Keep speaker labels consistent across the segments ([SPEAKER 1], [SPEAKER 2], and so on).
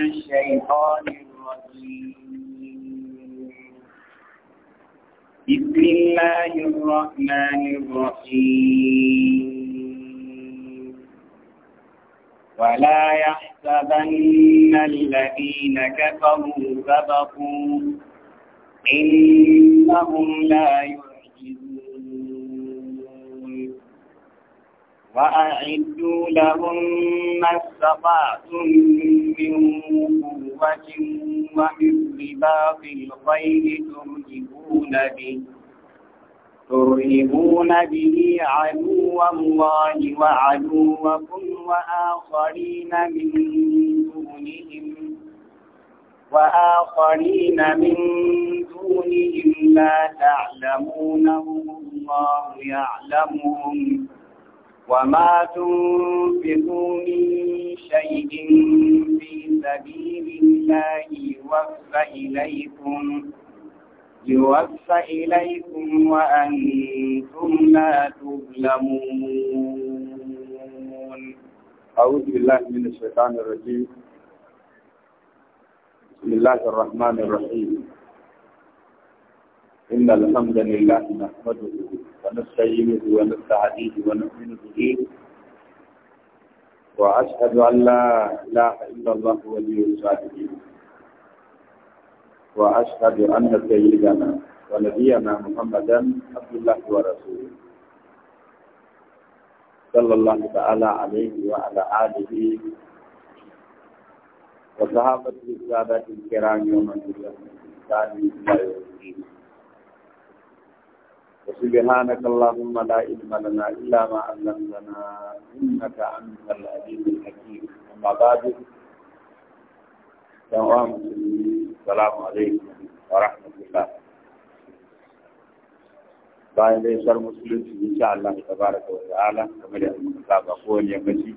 [SPEAKER 1] الشيطان الرجيم بسم الله الرحمن الرحيم ولا يحسبن الذين كفروا سبقوا إنهم لا يعجزون وأعدوا لهم ما استطعتم من قوة ومن رباط الخيل ترهبون به ترهبون به عدو الله وعدوكم وآخرين من دونهم وآخرين من دونهم لا تعلمونهم الله يعلمهم وما تنفقوا من شيء في سبيل الله يوفى إليكم يوفى إليكم وأنتم لا تظلمون أعوذ بالله من الشيطان الرجيم بسم الله الرحمن الرحيم إن الحمد لله نحمده ونستعينه ونستعينه ونؤمن به وأشهد أن لا إله إلا الله ولي الصالحين وأشهد أن سيدنا ونبينا محمدا عبد الله ورسوله صلى الله تعالى عليه وعلى آله وصحابته السادات الكرام يوم الدين الثاني إلى يوم الدين سبحانك اللهم لا علم لنا إلا ما علمتنا إنك أنت العليم الحكيم أما بعد السلام عليكم ورحمة الله bayan dai shar musulunci insha Allah tabaraka wa ta'ala kamar yadda muka saba kowane yammaci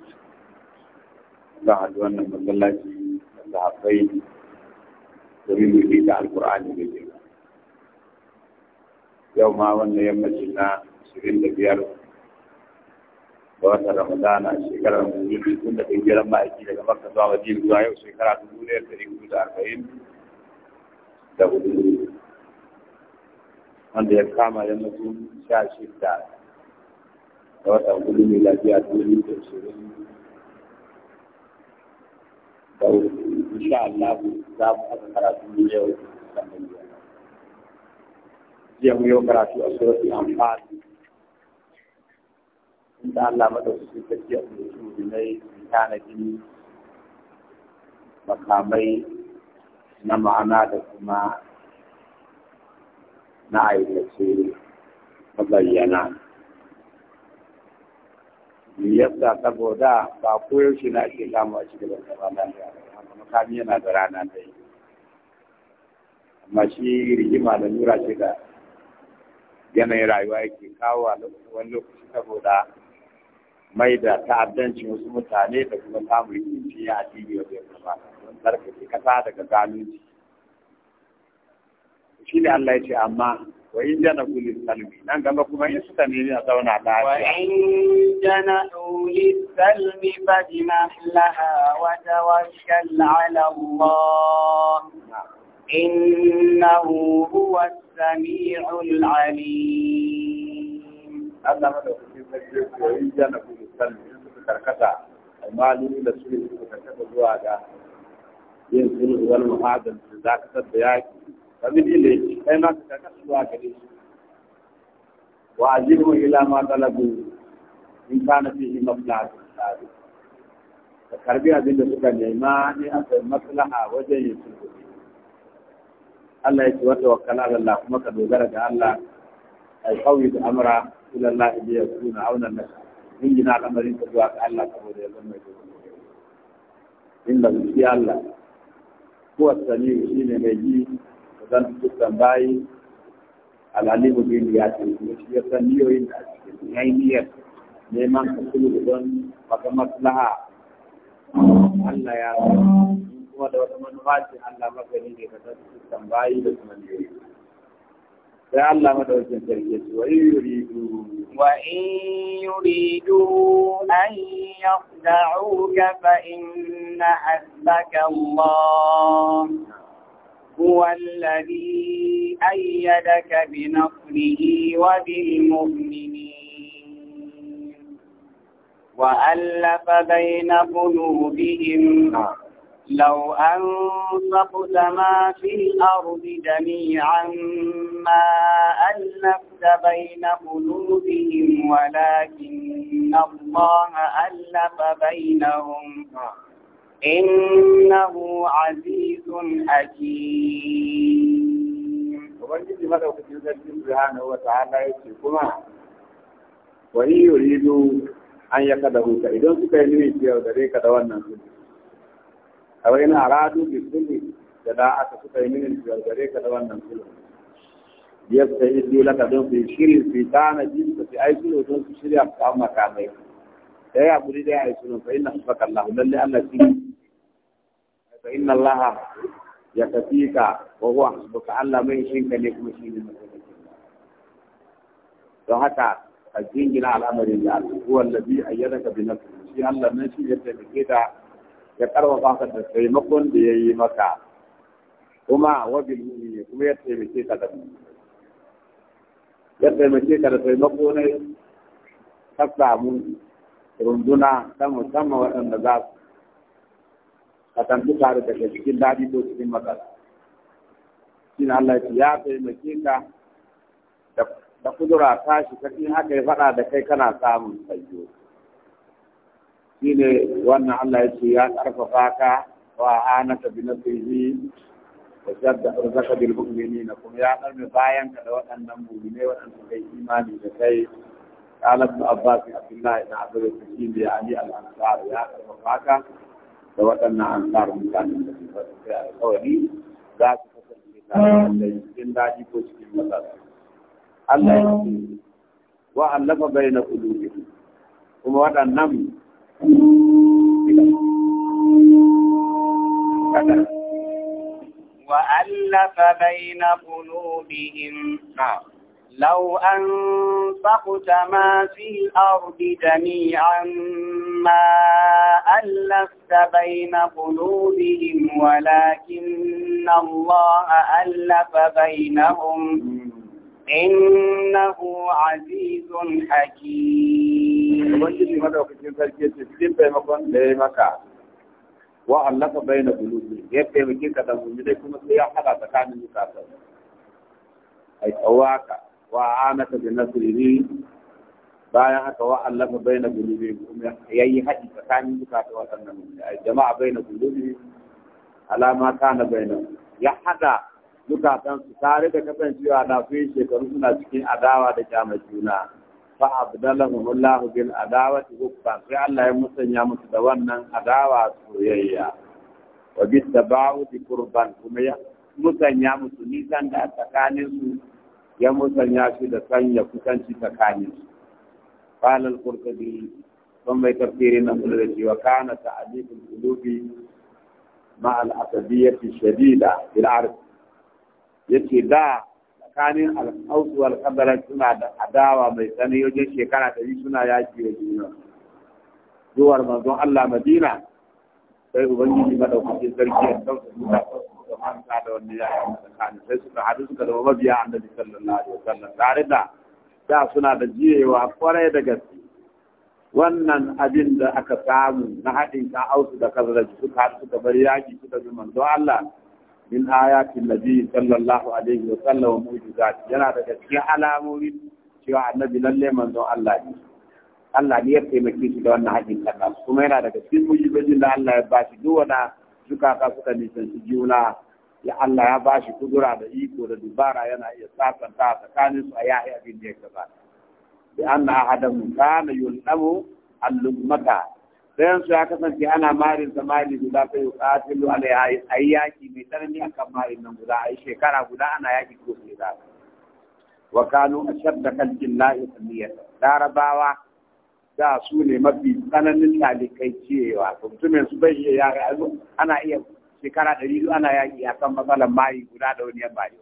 [SPEAKER 1] za a ji wannan masallaci da haɓai domin mu da alkur'ani da ke yau ma wanda yammacin na ashirin da biyar ga watan ramadana shekarar mulki tun da ƙungiyar ma'aiki daga makka zuwa madina zuwa yau shekara dubu ɗaya da ɗari hudu da arba'in da hudu wanda ya kama yammacin sha shida ga watan hudu mai lafiya dubu da ashirin da hudu insha Allah za mu haka karatu yau sannan jiya mu yau karatu a suratul anfal inda Allah madaukakin sarki a cikin jinai tanadin makamai na ma'ana da kuma na aikace mabayyana yadda saboda ba koyaushe na ake samu a cikin zama lafiya makami yana da rana yi. amma shi rigima da nura ce da yanayin rayuwa yake kawo a wani lokaci saboda mai da ta'addancin wasu mutane da kuma samun rikici a jirgin wanda ya kamata don tsarkake kasa daga zalunci shi ne Allah ya ce amma wa in jana kuli salmi nan gaba kuma in suka nemi a zauna lafiya wa in jana kuli salmi fa bima laha wa tawakkal ala Allah innahu huwa السميع العليم هذا ما لو كنت تجد وإن جانا في السلم كركتا المعلومي لسوله yin sulhu wal muhadal da zakatar da yaki kamar ile kai ma ka karkata zuwa gare shi wa ajibu ila ma talabu in kana fihi maslahatun sabi ka karbi abin da suka nema ne akwai maslaha wajen yin sulhu Allah ya ce wata wakala ala Allah kuma ka dogara ga Allah ai kawai da amra ila Allah bi yakuna auna lak in na al'amarin ka zuwa ga Allah saboda ya zama ke inda shi Allah kuwa sani shi ne mai ji da zan dukkan bayi al'alimu bin ya ce shi ya san niyoyin da ake yayi niyyar neman kasulu don maka maslaha Allah ya san kuma da wata manufacin Allah magani ne ga dukkan tambayi da kuma ne sai Allah madaukakin sarki su wa in yuri du. wa in yuri du an ya da'u yakhda'uka fa inna hasbaka Allah هو الذي أيدك بنصره وبالمؤمنين وألف بين قلوبهم لو أنفقت ما في الأرض جميعا ما ألفت بين قلوبهم ولكن الله ألف بينهم إنه عزيز حكيم وبنجي ماذا كتير سبحانه وتعالى يسيكما وإن يريدوا أن يقدروا إذا سكينوا يسيروا ذلك دوانا سبحانه kawai yana radu bi kulli da da'ata suka yi mini gargare ka da wannan filin. yadda idu laka don su shirin su tana ji su fi aiki ne don su shirya su an makamai da ya guri da ya yi sulhu fa inna subhaka Allah lalle Allah shi fa inna Allah ya kafika wa huwa baka Allah mai shinka ne kuma shi ne don haka ka jingina al'amarin da Allah huwa allazi ayyadaka bi nafsihi shi Allah nan shi ya tabbata ya karfafa ka da taimakon da ya yi maka kuma wabil mu'mini kuma ya taimake ka da ya taimake ka da taimako ne ka samu runduna ta musamman waɗanda za su katantu tare da ke cikin daɗi ko cikin matsala shi Allah ya taimake ka da kudura tashi kakin haka ya faɗa da kai kana samun tsayo shi ne wannan Allah ya ce ya ƙarfafa ka wa hanaka bin nasihi wa shadda arzaka bil na kuma ya karbe bayan ka da waɗannan mu'mini waɗanda kai imani da kai ya ابن ka da الله ansar عبد da يعني الانصار يا وفاك لو ان انصار كان قولي ذاك cikin daji ko cikin matsala Allah ya ce wa allafa baina kuma waɗannan وألف بين قلوبهم نعم. لو أنفقت ما في الأرض جميعا ما ألفت بين قلوبهم ولكن الله ألف بينهم innahu azizun hakim ubangiji madaukakin sarki ce cikin taimakon da ya maka wa allaka baina qulubi ya taimake ka da mu'mini kuma sai ya hada tsakanin zukatan ai tsawaka wa anaka bi nasrihi bayan haka wa allaka baina qulubi kuma yayi hadi tsakanin zukatan wadannan ai jama'a baina qulubi alama kana baina ya hada zukatansu tare da kasancewa na su yi shekaru suna cikin adawa da kyamar juna fa abdalahum Allah bil adawati hubba sai Allah ya musanya musu da wannan adawa soyayya wa bi tabawudi qurban kuma ya musanya musu nisan da tsakanin ya musanya shi da sanya kusanci tsakanin su qala al-qurtubi don mai da cewa kana ta'dibul qulubi ma al-asabiyyati shadida bil yace da tsakanin al'ausu wal suna da adawa mai tsanani wajen shekara ɗari suna yaki wa juna zuwar manzon Allah Madina sai ubangiji madaukakin sarki ya sauka da da manta da wannan yaki tsakanin sai suka haɗu suka zama mabiya annabi sallallahu alaihi wasallam tare da da suna da jiyewa kwarai da gaske wannan abin da aka samu na haɗin ka ausu da kazaraji suka haɗu suka bar yaki suka bi manzon Allah min ayatin nabi sallallahu alaihi wa sallam wa mu'jizat yana daga cikin alamomi cewa annabi lalle manzon Allah ne Allah ne ya taimake shi da wannan haƙin kaka kuma yana daga cikin mu'jizojin da Allah ya ba shi duk suka ka suka shi juna ya Allah ya ba shi kudura da iko da dubara yana iya sakanta a tsakanin su a yahi abin da ya kaza bi anna ahadahu kana yulamu al-lumata dayan su ya kasance ana marin sa mari guda sai yuqatilu alaiha yi yaki mai tsanani akan marin nan guda yi shekara guda ana yaki ko sai su wa shar da kalkin la'in saniyata larabawa da su ne mafi tsananin talikai cewa mutumin su bai iya yaki ana iya shekara ɗari ana yaki akan matsalar mayi guda da wani yan mari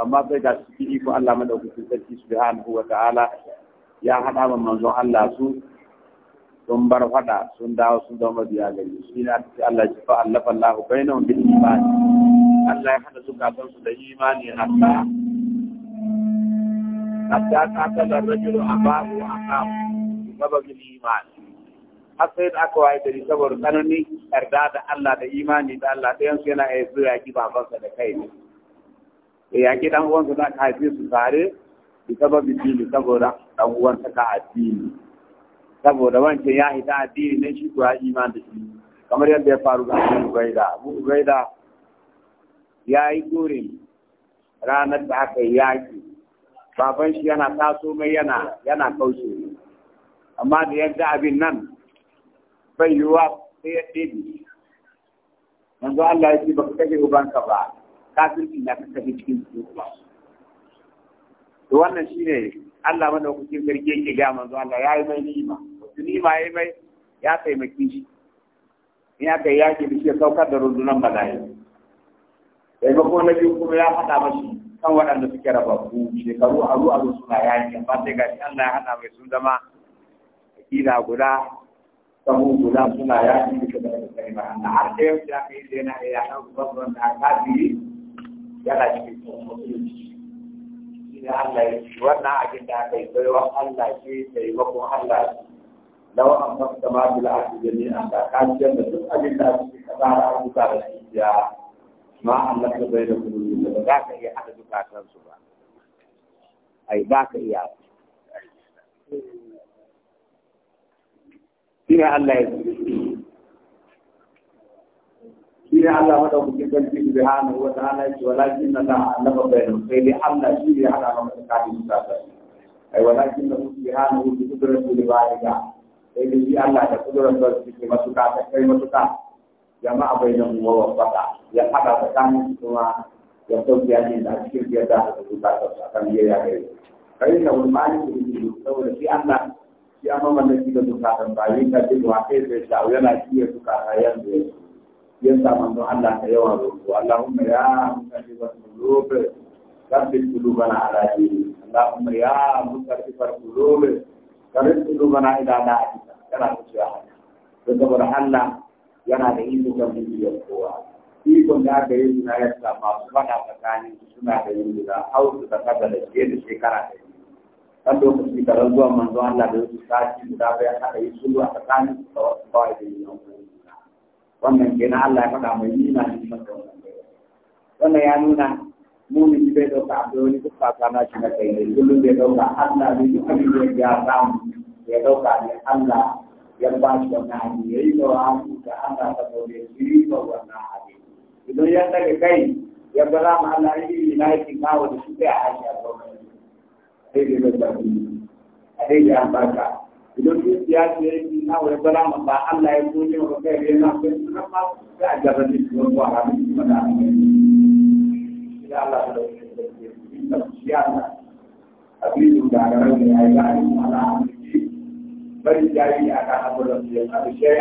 [SPEAKER 1] amma sai ga su iko Allah madaukakin sarki subhanahu wa ta'ala ya hada manzon Allah su sun bar fada sun dawo sun zama biya gari shi na ce Allah ji fa Allah fallahu bainahum bil iman Allah ya hada zukatan su da imani hatta hatta ta da rajulu abahu aqam mabagil iman har sai da aka waye da saboda tsanani yarda da Allah da imani da Allah ɗayan su yana iya zuwa ki babansa da kai ne ya ki dan uwansa da ka haife su tare bi sababi dini saboda dan uwansa ka addini saboda wancan ya hita addini na shi kuwa iman da shi kamar yadda ya faru ga Abu Ubaida Abu Ubaida ya yi gurin ranar da aka yi yaki baban shi yana taso mai yana yana kaushe amma da yadda abin nan bai yiwuwa sai ya ɗebe yanzu Allah ya ce ba ka kashe ubanka ba kafirci na ka da cikin ba. to wannan shine Allah madaukakin sarki yake ga manzo Allah yayi mai ni'ima musulmi ma ya mai ya taimaki shi in aka yi yaki da shi ya saukar da rundunan bala'i taimako na biyu kuma ya haɗa mashi kan waɗanda suke rababbu shekaru a ruwa su suna yaki amma sai ga shi Allah ya haɗa mai sun zama akida guda sahu guda suna yaki duka da kai ba da har da yau ya kai sai na ya na babban da kafiri yana cikin musulunci ina Allah ya ci wannan abin da aka yi baiwa Allah ce taimakon Allah ya ci. لو أنفقت ما في الأرض جميعا لكان جنة أجل لا تشرك بها ربك رشيدا ما أنك بين قلوبهم ذاك هي أحد ذكاكم سبحانه أي ذاك إياه فيها الله يزيد shine Allah madaukakin sarki subhanahu wa ta'ala yace walakin la annaba bainu sai dai Allah shi ya hada maka tsakanin mutane ai walakin la subhanahu bi ba ya ba'ida sai da shi Allah da kudurar da masuk ke matuka ta ya, kai matuka jama'a bai nan wa wafaka yang haɗa tsakanin su kuma ya sauke ya da a cikin biyar da aka zuba ta su akan biyar ya kai kai na ulmani ku yi saboda shi Allah shi amma mallaki da zukatan ba yi ka jin wa kai sai shawo yana jiya zukata yanzu ya ya sa manzon Allah ka yawan roƙo Allahumma ya mukallibal qulub ثبت قلوبنا على دينك اللهم يا مصرف القلوب karin su bana ila na ajiya yana Allah yana da iko kan bibiyar kowa ikon da tsakanin suna da yin guda hausu da da shekara da zuwa manzon Allah da wasu sati guda bai haɗa yi tsakanin ya mumini bai dauka abu wani duk na shi na kai ne kullum bai dauka Allah ne duk abin da ya samu ya dauka ne Allah ya ba shi wannan abu ya yi dawa abu da Allah ta dole shi riba wannan abu idan ya ke kai ya ga za ma Allah ya yi na yi kawo da shi sai a haƙi a gwamnati sai dai bai zaɓi a dai da an baka idan ya ce ya yi kawo ya ga za mu ba Allah ya goje wa kai ya na kai suna ma a jarrabe shi wani wa ramin kuma da إذا الله da ga ran ya da ya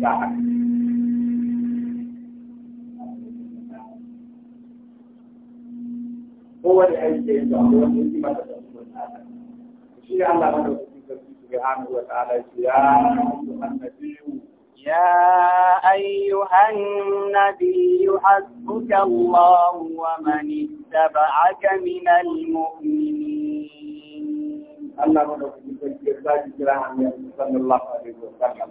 [SPEAKER 1] da a shi kowane aiki wani da يا أيها النبي حسبك الله ومن اتبعك من المؤمنين الله الله عليه وسلم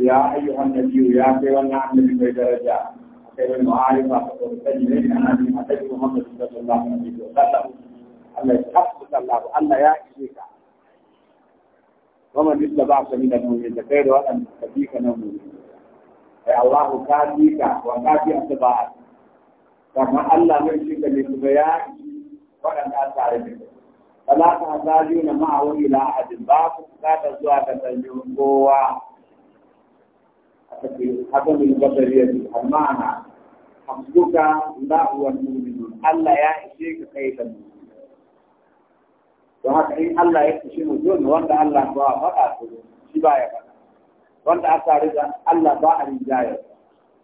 [SPEAKER 1] يا أيها النبي يا أيها النبي بدرجة خير المعارف وتجري أن محمد صلى الله عليه وسلم Allah ya tabbata Allah Allah ya ishe ka ومن اتبع سبيل المؤمنين خير وان تبيك نومي اي الله كافيك وكافي اتباعك كما الله من شرك للسبيان وان انت عارفك فلا تحتاجون معه الى احد باب لا تزوى تتنجون قوة حكم البشرية المعنى حمدك الله والمؤمنون الله يا شيخ خير المؤمنين don haka in Allah ya kushi mutum wanda Allah ba a faɗa su shi ba ya faɗa wanda a tare da Allah ba a rinjayar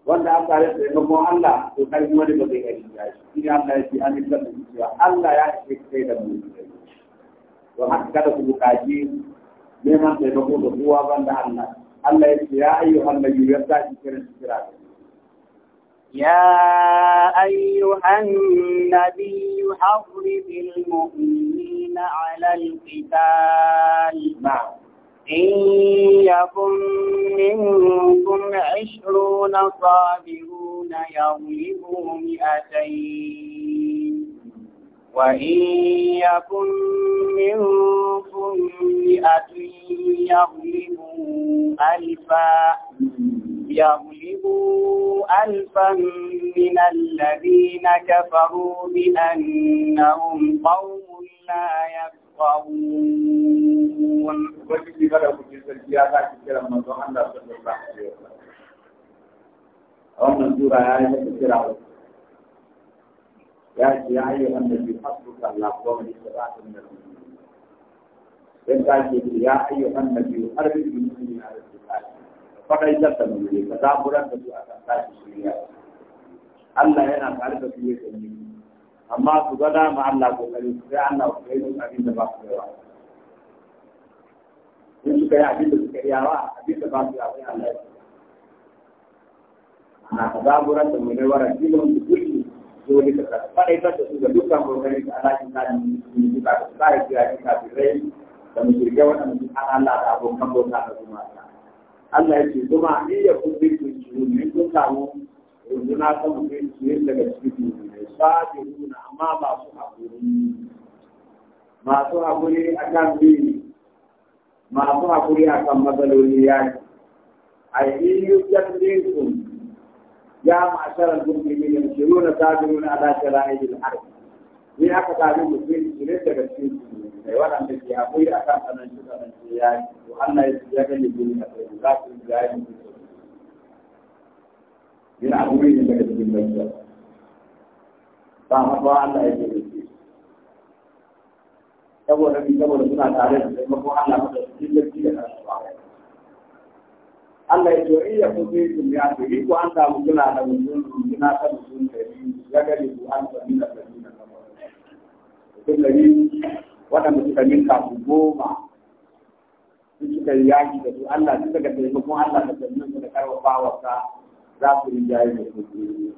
[SPEAKER 1] wanda a tare da taimakon Allah to kai wani ba zai yi rinjayar shi ne Allah ya ce an rinjar da cewa Allah ya ce kai da mu don haka kada ku buƙaci neman taimako da kowa banda Allah Allah ya ce ya ayyuhan nabiyyu ya sa kiran kira يا أيها النبي حرب المؤمنين على القتال نعم. إن يكن منكم عشرون صابرون يغلبوا مئتين وإن يكن منكم مئة يغلبوا ألفا يغلبوا ألفا من الذين كفروا بأنهم قوم لا يفقهون آية يا أيها النبي حسبك الله ومن اتبعك من المؤمنين. يا أيها النبي أرد المؤمنين على القتال faɗaitar da mulki ka zaburar da su akan tashi shirya Allah yana tare da su yake ne amma su ga ma Allah kokari sai Allah ku kai musu abin da ba su yawa in suka yi abin da suka yi yawa abin da ba su yawa sai Allah na ka zaburar da mulki wara filin su kulli dole ka faɗaitar da su ga dukkan kokari da Allah ya sani su ka su kare ka fi rai da mushrikai waɗanda su ana Allah da abokan bauta da kuma Allah ya ce kuma ni ya kun bi kun su ne kun samu runduna ta mutum su yin daga cikin ne sabi runa amma ba su haƙuri masu haƙuri a kan bi masu haƙuri a kan matsaloli ya ce. a yi yi jami'in kun ya ma'asharar gurbi ne shiru na sabi runa ala shara'i bil harbi ni aka sami mutum su ne daga cikin su ne mai waɗanda ke akwai a kan tsananci tsananci ya yi to Allah ya ya gani gini a kai za su yi ya yi yana abubuwa ne daga cikin ba haka Allah ya shi. saboda bi saboda suna tare da taimakon Allah da cikin gaskiya da ba Allah ya ce iya ku ya ku yi an samu kula da mutum kina ta mutum da ya gani ku an samu da mutum da mutum da waɗanda suka ninka su goma su suka yi yaƙi da su Allah su suka taimakon Allah da sannan su da karfafa wasa za su yi jaye da su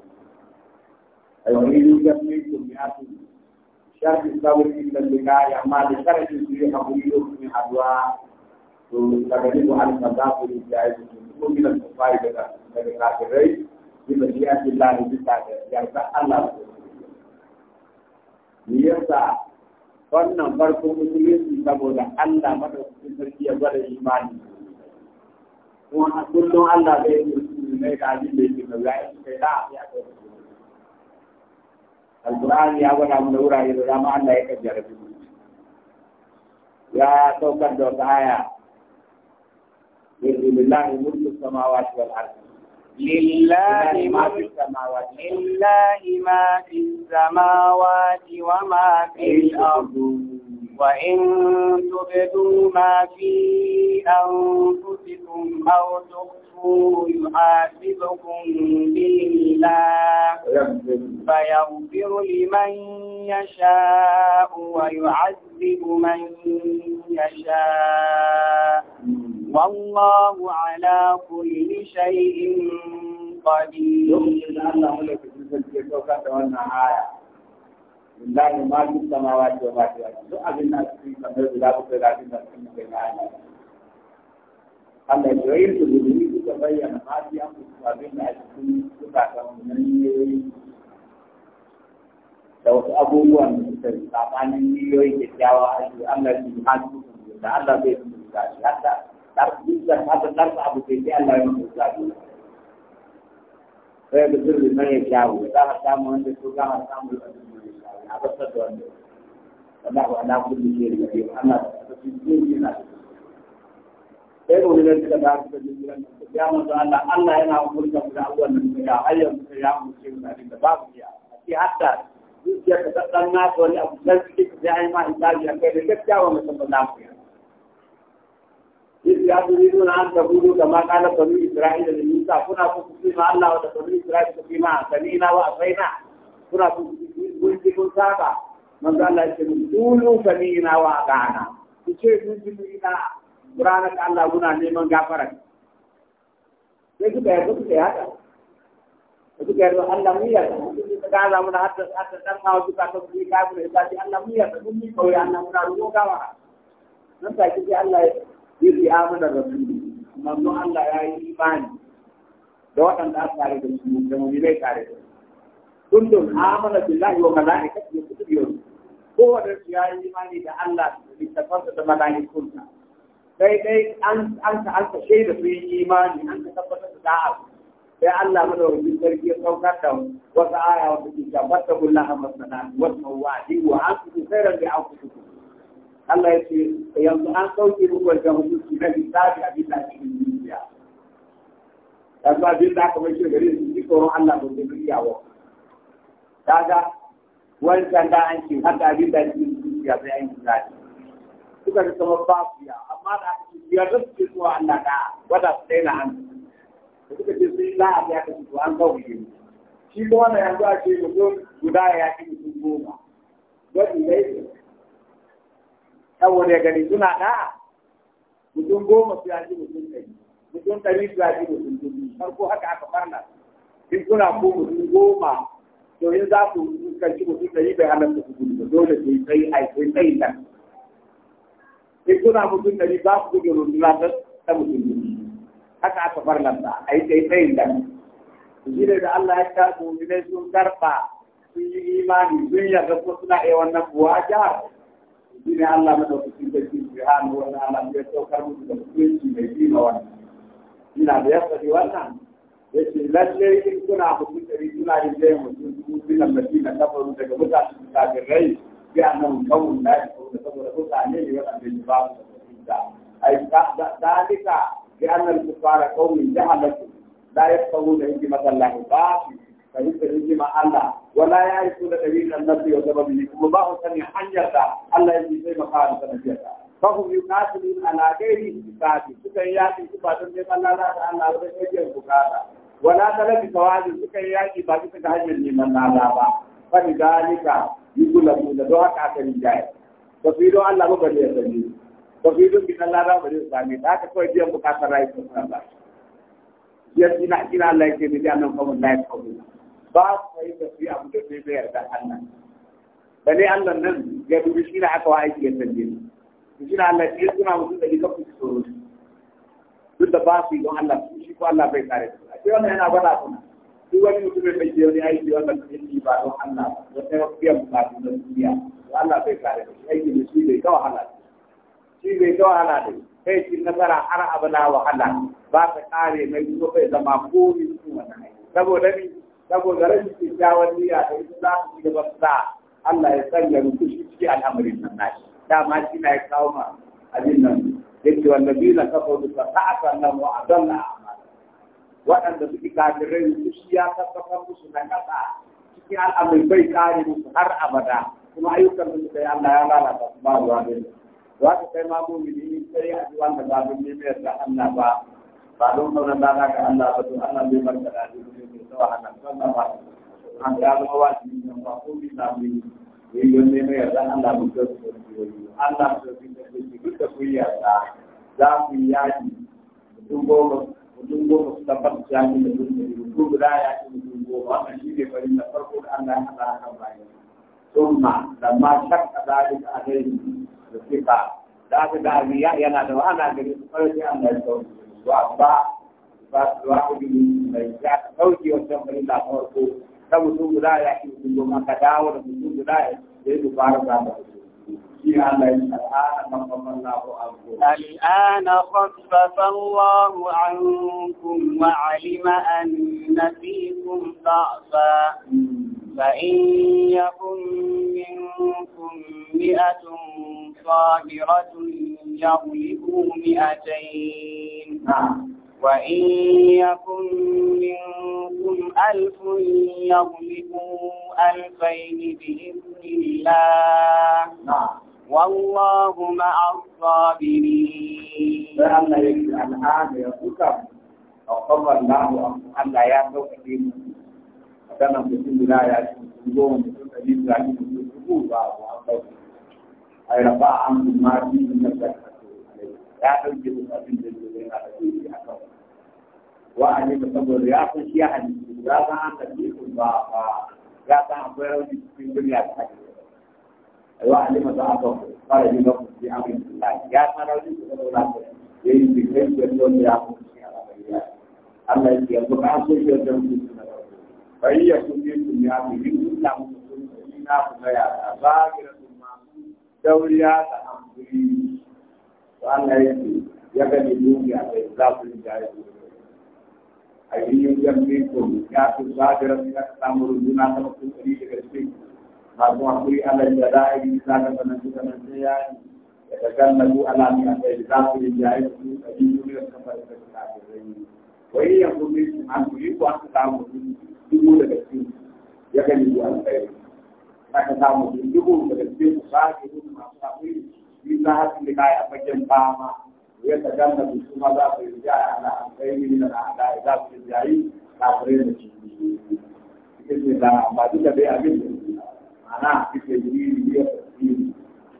[SPEAKER 1] a yau yi gami su mi asu sharfin saurin da su kayi amma da sharfin su yi haƙuri lokacin haduwa to daga nufin Allah za su yi jaye da su Kuma gidan su fari daga kafirai bi da shi ake lalata bisa da yarda Allah da su. Me yasa wannan farko musulunci saboda Allah madaukakin sarki ya gwada ba ne. kuma kullum Allah zai yi musulmai ga abin da yake gaba ya kai da ya kai Al-Qur'ani ya gwada mu da wurare da dama Allah ya kaddara su ya saukar da wata aya Bismillahi mulku samawati wal ardi لله ما في السماوات لله ما في السماوات وما في الأرض وإن تبدوا ما في أنفسكم أو تخفوا يحاسبكم به الله فيغفر لمن يشاء ويعذب من يشاء والله على كل شيء قدير. lillahi ma fi samawati wa ma fi ardi duk abin da cikin kamar guda bakwai da abin da cikin kai na Allah Allah ya yi su gudumi suka bayyana ma da wasu abubuwan da suka yi tsakanin niyoyi da kyawa aiki Allah ya yi hannu da Allah bai yi mutuwa shi hatta da haka darsa abu sai sai Allah ya yi mutuwa shi sai da zurbi sai ya kyawu za ka samu wanda ko za ka samu wanda a kasar da wani wallahu ala kulli shay'in qadir Allah ta cikin yana da sai ko ne da ta ga cikin gidan ya manzo Allah Allah yana hukunta mu da abubuwan da muke da ayyan sai ya mu ce mu da babu ya sai hatta zuciya ka dan na ko ne abu da cikin da ai ma hisabi a kai da gaskiyawa mutum ba za mu yi إذ يريدون أن تقولوا كما قال بنو إسرائيل لموسى كنا كنتم الله وبنو إسرائيل كما سمعنا وأطعنا كنا kun ji kun saba manzo Allah ya ce kulu samina wa ata'na ku ce kun ji kun ina ranar Allah muna neman gafara sai suka yarda suka yada suka yarda Allah mu yarda suka gaza muna hatta hatta dan ma suka ta ku kai mu da Allah mu yarda mun mi kawai Allah muna roƙo gafara nan take sai Allah ya yi amana rasuli Allah ya yi imani da waɗanda aka tare da su da mu bai tare da su kullum amana billahi wa malaikatihi wa ya yi imani da Allah da littafansa da malaikunta sai dai an an an shaida su yi imani an tabbatar da da'a sai Allah mana wajen sarki ya saukar da wata aya wata kullaha masana wa an kudu khairan bi an Allah ya ce yanzu an sauke hukunci na lissafi a da ake yin zuciya. Yanzu abin da aka mai shirgari su ji tsoron Allah zai kaga wancan da an ce haka abin da ake zuciya sai an yi zaɓi suka ga kamar ba su ya amma da aka ce biyar da suke zuwa Allah da wata su daina hannu da suka ce sun yi la'afi aka ce to an kawuce ne shi kuma na yanzu a ce mutum guda ya fi mutum goma gwajin da yake saboda gani suna da mutum goma su ya fi mutum ɗari mutum ɗari su ya fi mutum dubu farko haka aka farna in kuna ko mutum goma domin za ku fuskanci mutum ɗari bai halatta ku gudu ba dole sai sai a sai sai nan in kuna mutum ɗari za ku gudu runduna ta ta mutum ɗari haka aka bar nan ba a yi sai sai nan shi ne da Allah ya ta ne sun karɓa sun yi imani sun yarda ko suna yi wannan buwa jihar shi ne Allah na madaukakin sarki subhanahu wa ta'ala ya saukar musu da shi mai bi wannan ina da yasa wannan فهم يناسبون على غير الكتاب سكن ياتي سبعة من الله تعالى على غير الكتاب wala talabi tawali suka yi yaki ba bisa ta hanyar neman lada ba fa ni yi yugulabu da don haka aka rinjaye ba su yi don Allah ba bari ya sani ba su yi don bisan lada ba bari ya sani ba haka kawai biyan bukatar rayu sun san ba biyar ina ina Allah ya ce ni da nan kuma na ya kawo ba su yi da su yi abu da sai bai yarda Allah da ne Allah nan ya dubi shi na aka wa aiki ya sanje shi na Allah ya suna mutum da ikafu su tsoro duk da ba su yi don Allah shi ko Allah bai kare su a wannan yana gwada su duk wani mai ba don Allah sai wasu biyan bukatu na duniya to Allah bai kare su shi bai wahala shi bai wahala da kai shi nasara har abada wahala ba kare mai kuma bai zama komi su wannan saboda ni saboda rashin kyakkyawan niyya da ita za su gaba Allah ya sanya rukushi cikin al'amarin nan nashi dama shi na ya kawo ma abin nan yake wallabi na kafa duka ta'ata nan wa na amala waɗanda suke kafirai su ya tabbatar musu na kasa cikin al'amari bai kare musu har abada kuma ayyukan da suka yi Allah ya lalata su ba ruwa ne za ka kai ma mumini sai a ji wanda ba don nemi Allah ba ba don sauna da ga Allah ba don Allah bai barka da ne mai tsawa hannun sannan ba an ya zama wajibi ba ko bi na mai yi don neman yarda Allah mu ga su Allah mu ga su duk da ku yarda za ku yi yaji mutum goma mutum goma su tabbata su yaji mutum da mutum guda ya ci mutum goma wannan shi ne farin da farko da Allah ya haɗa kan bayan summa lamma shakka zalika alaihi da sifa da ka da riya yana da wahala gare su farko Allah ya kawo wa ba ba su wa ku bi mai ya kauce wancan farin da farko ta mutum guda ya ci mutum goma ka dawo da mutum guda ya yi dubara za ta الآن خفف الله عنكم وعلم أن فيكم ضعفا فإن يكن منكم مئة صابرة يغلبوا مئتين وإن يكن منكم ألف يغلبوا ألفين بإذن الله والله مع الصابرين. الآن يا أقر الله أن لا يتوقف كان بسم الله يشكرون الذين يعلمون الحقوق وأعطوا أي رفع عنهم ما فيه من الزكاة عليه لا تنجب الأبن للذين على wa alika saboda ya san shi ya hadisi ya san an tafi ba ba ya san akwai rauni cikin duniya ta hadisi wa alima za a ba fara yin ku bi amin Allah ya san rauni da dole ya yi bi kai da ya ku shi Allah ya yi ku ka so shi da ku bai ya ku bi ku ya yi yin Allah mu ku ni na ku ga ya ba gira ku ma dauriya ta hankali wa Allah ya yi ya ga ni duniya yi za ku ji da ayyukan yanzu ya fi zagirar ya ka samu runduna ta mutum ɗari daga cikin masu hakuri alal da ra'ayi za ka sanar da sanar da yayi da ta kallabu alami a kai za su yi yayi su ɗari duniyar kamar da ta kafirai wai yanzu ne su an yi ko aka samu dubu daga cikin ya kan yi zuwa tsaye aka samu dubu daga cikin su sa ke masu hakuri ni za su da kayan fagen fama ويتجنب ثم ذاك الرجاء على أمرين من الأعداء ذاك الرجاء كافرين بإذن الله ما دل بأمين معناه في تجريب ويتجريب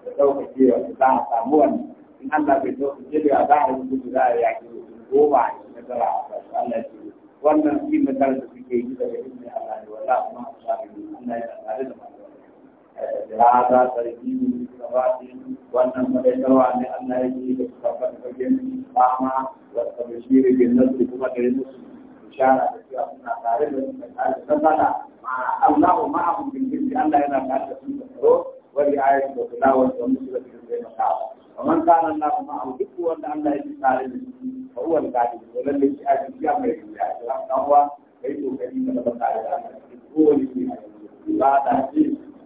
[SPEAKER 1] وتوقع فيه وتدعى سامون إن الله بيتوقع فيه وتدعى وجود لا يعجب وما يتدرى الله wannan shi na da suke yi daga ibn Allah ne wallahi ma Allah ya tsare da da haka sarki gabatin wannan madaitarwa ne Allah ya yi da kafar fagen fama da kabashiri bin nasu kuma da yi musu ishara da cewa suna tare da su da sallala ma Allahu ma'ahum yana tare da su da tsaro wa ri'ayat da kulawa da musu da zai ومن كان الله معه هو ان الله يسال فهو القادر والذي ياتي في امر الله فهو ليس كريما لبقاء هو الذي لا تعجيز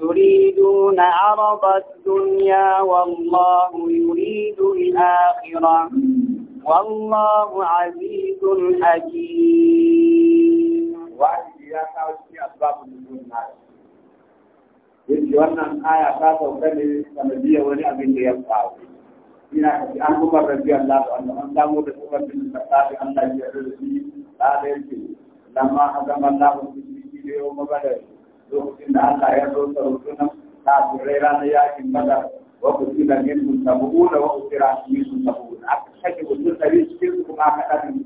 [SPEAKER 1] تريدون عرض الدنيا والله يريد الآخرة والله عزيز حكيم wannan aya ta sauka ne wani abin da ya faru ina kafi an kuma rabbi Allah to Allah an da tafi Allah ya rubuci ta da yake lamma Allah da yau magana lokacin da Allah ya zo sarutunan ta turai ranar yakin badar wa ku kusila min sun tabu da wa kusira min sun tabu da aka sake mutum ɗari cikin su kuma aka ɗan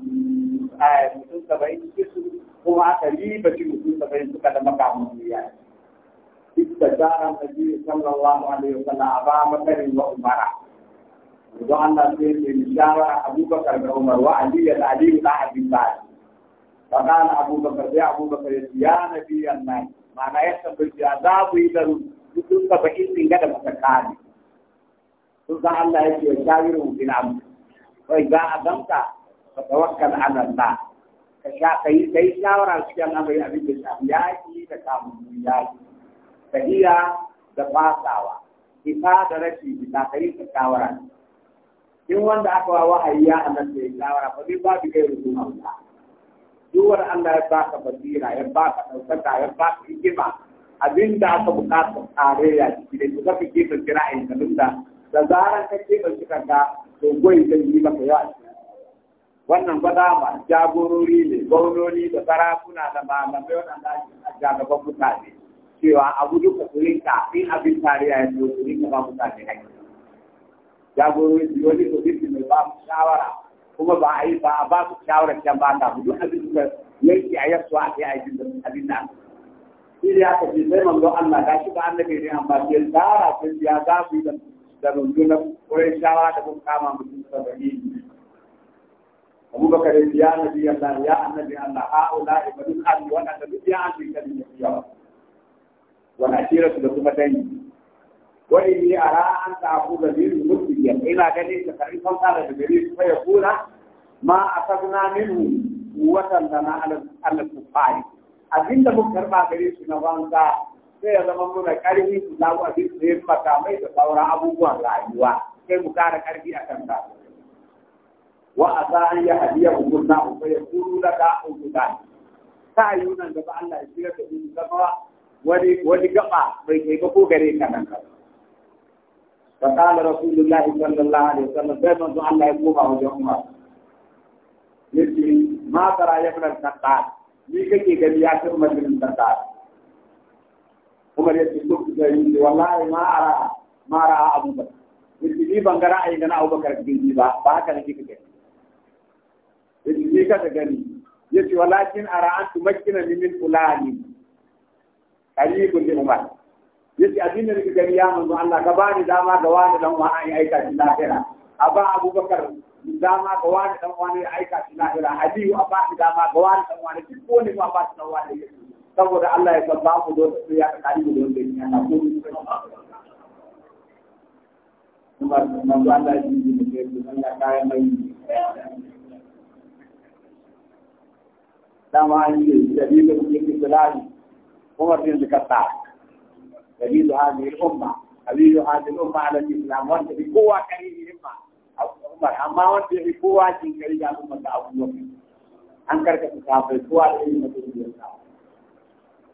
[SPEAKER 1] eh, mutum saba'in cikin su kuma aka ribaci mutum saba'in suka da makamun duniya. Istadaran Nabi sallallahu alaihi wa sallam a ba makarin wa umara. Yanzu Allah sai ya ce, Mishawara Abubakar da Umar wa Aliyu da Aliyu da Abin Bari. Bagaimana Abu Bakar dia, Abu Bakar dia, dia Nabi yang naik. Mana ya sambil dia azab, dia lalu. Itu tak berkini tinggal dalam sekali. Tuhan Allah itu yang syahir mungkin Abu. Kalau dia Adam tak, bertawakkan ala Allah. Kesya, kaya, kaya, kaya, orang sekian nama yang ambil bersama. Ya, ini, kaya, kaya, kaya, kaya, kaya, kaya, kaya, kaya, kita dari si kita kiri kecawaran. Jangan tak kau wahai ya anak si kecawaran. Bagi bagi kehidupan Allah. duwar Allah ya baka basira ya baka ɗaukaka ya baka hikima abin da aka bukata ya ciki da su zaka ke ɗauki ra'ayin ka da da zarar ka ke ɗauki kanka to goyi zai yi maka yawa wannan gwadama jagorori ne gwamnoni da sarakuna da malamai waɗanda a jagaban mutane cewa abu duka su rinka in abin tarayya ya zo su rinka ba mutane hakki jagorori wani su rinka mai ba shawara kuma ba a yi ba a ba su shawarar can ba ta duk abin da yanki a yasu a sai a yi abin da shi da ya kafi sai manzo Allah ga shi ba annabi ne amma sai tsara sun ya za su yi da na wurin shawara da kuma kama mutum saba'in Abu Bakar ya nabi Allah ya annabi Allah ha'ula ibadun Allah wanda duk ya annabi kan yawa wala shiratu da kuma dangi وإني أرى أن تأخذ من المسجد إلى جليس خريفا قال جبريل فيقول ما أخذنا منه قوة لنا على الكفار أبين da mun karba gare shi na banza sai ya zama muna karfi su zawo a cikin sai makamai da sauran abubuwan rayuwa sai mu kara karfi a kan ta wa asa an ya hadiya umurna ku fa yakunu laka ubudan ta yunan da ba Allah ya shirya da mu zama wani wani gaba bai gare nan فقال رسول الله صلى الله عليه وسلم دائما دعا الله يقوم أو جمع يقول ما ترى يا ابن الخطاب ليك كي قال يا عمر بن الخطاب عمر يقول والله ما أرى ما رأى أبو بكر يقول لي بنغرا أي أنا أبو بكر كي با با كان كي كي يقول لي كذا غني يقول ولكن أرى أن تمكن من فلان قريب لعمر yace abin da nake ya manzo Allah ka bani dama ga wani dan wani aika shi lahira a bakar Abubakar dama ga wani dan wani aika shi lahira Aliyu a ba dama ga wani dan wani duk wani ma ba dan wani saboda Allah ya san ba mu don su ya ka kari mu don da ya ta ko kuma manzo Allah ne ke mai dama an yi da kuma bin zakata نبيذ هذه الأمة نبيذ هذه الأمة على الإسلام وأنت بقوة كريمة أمة أما وأنت بقوة كريمة أمة أبو بكر an karkata kafai kowa da irin mutum ya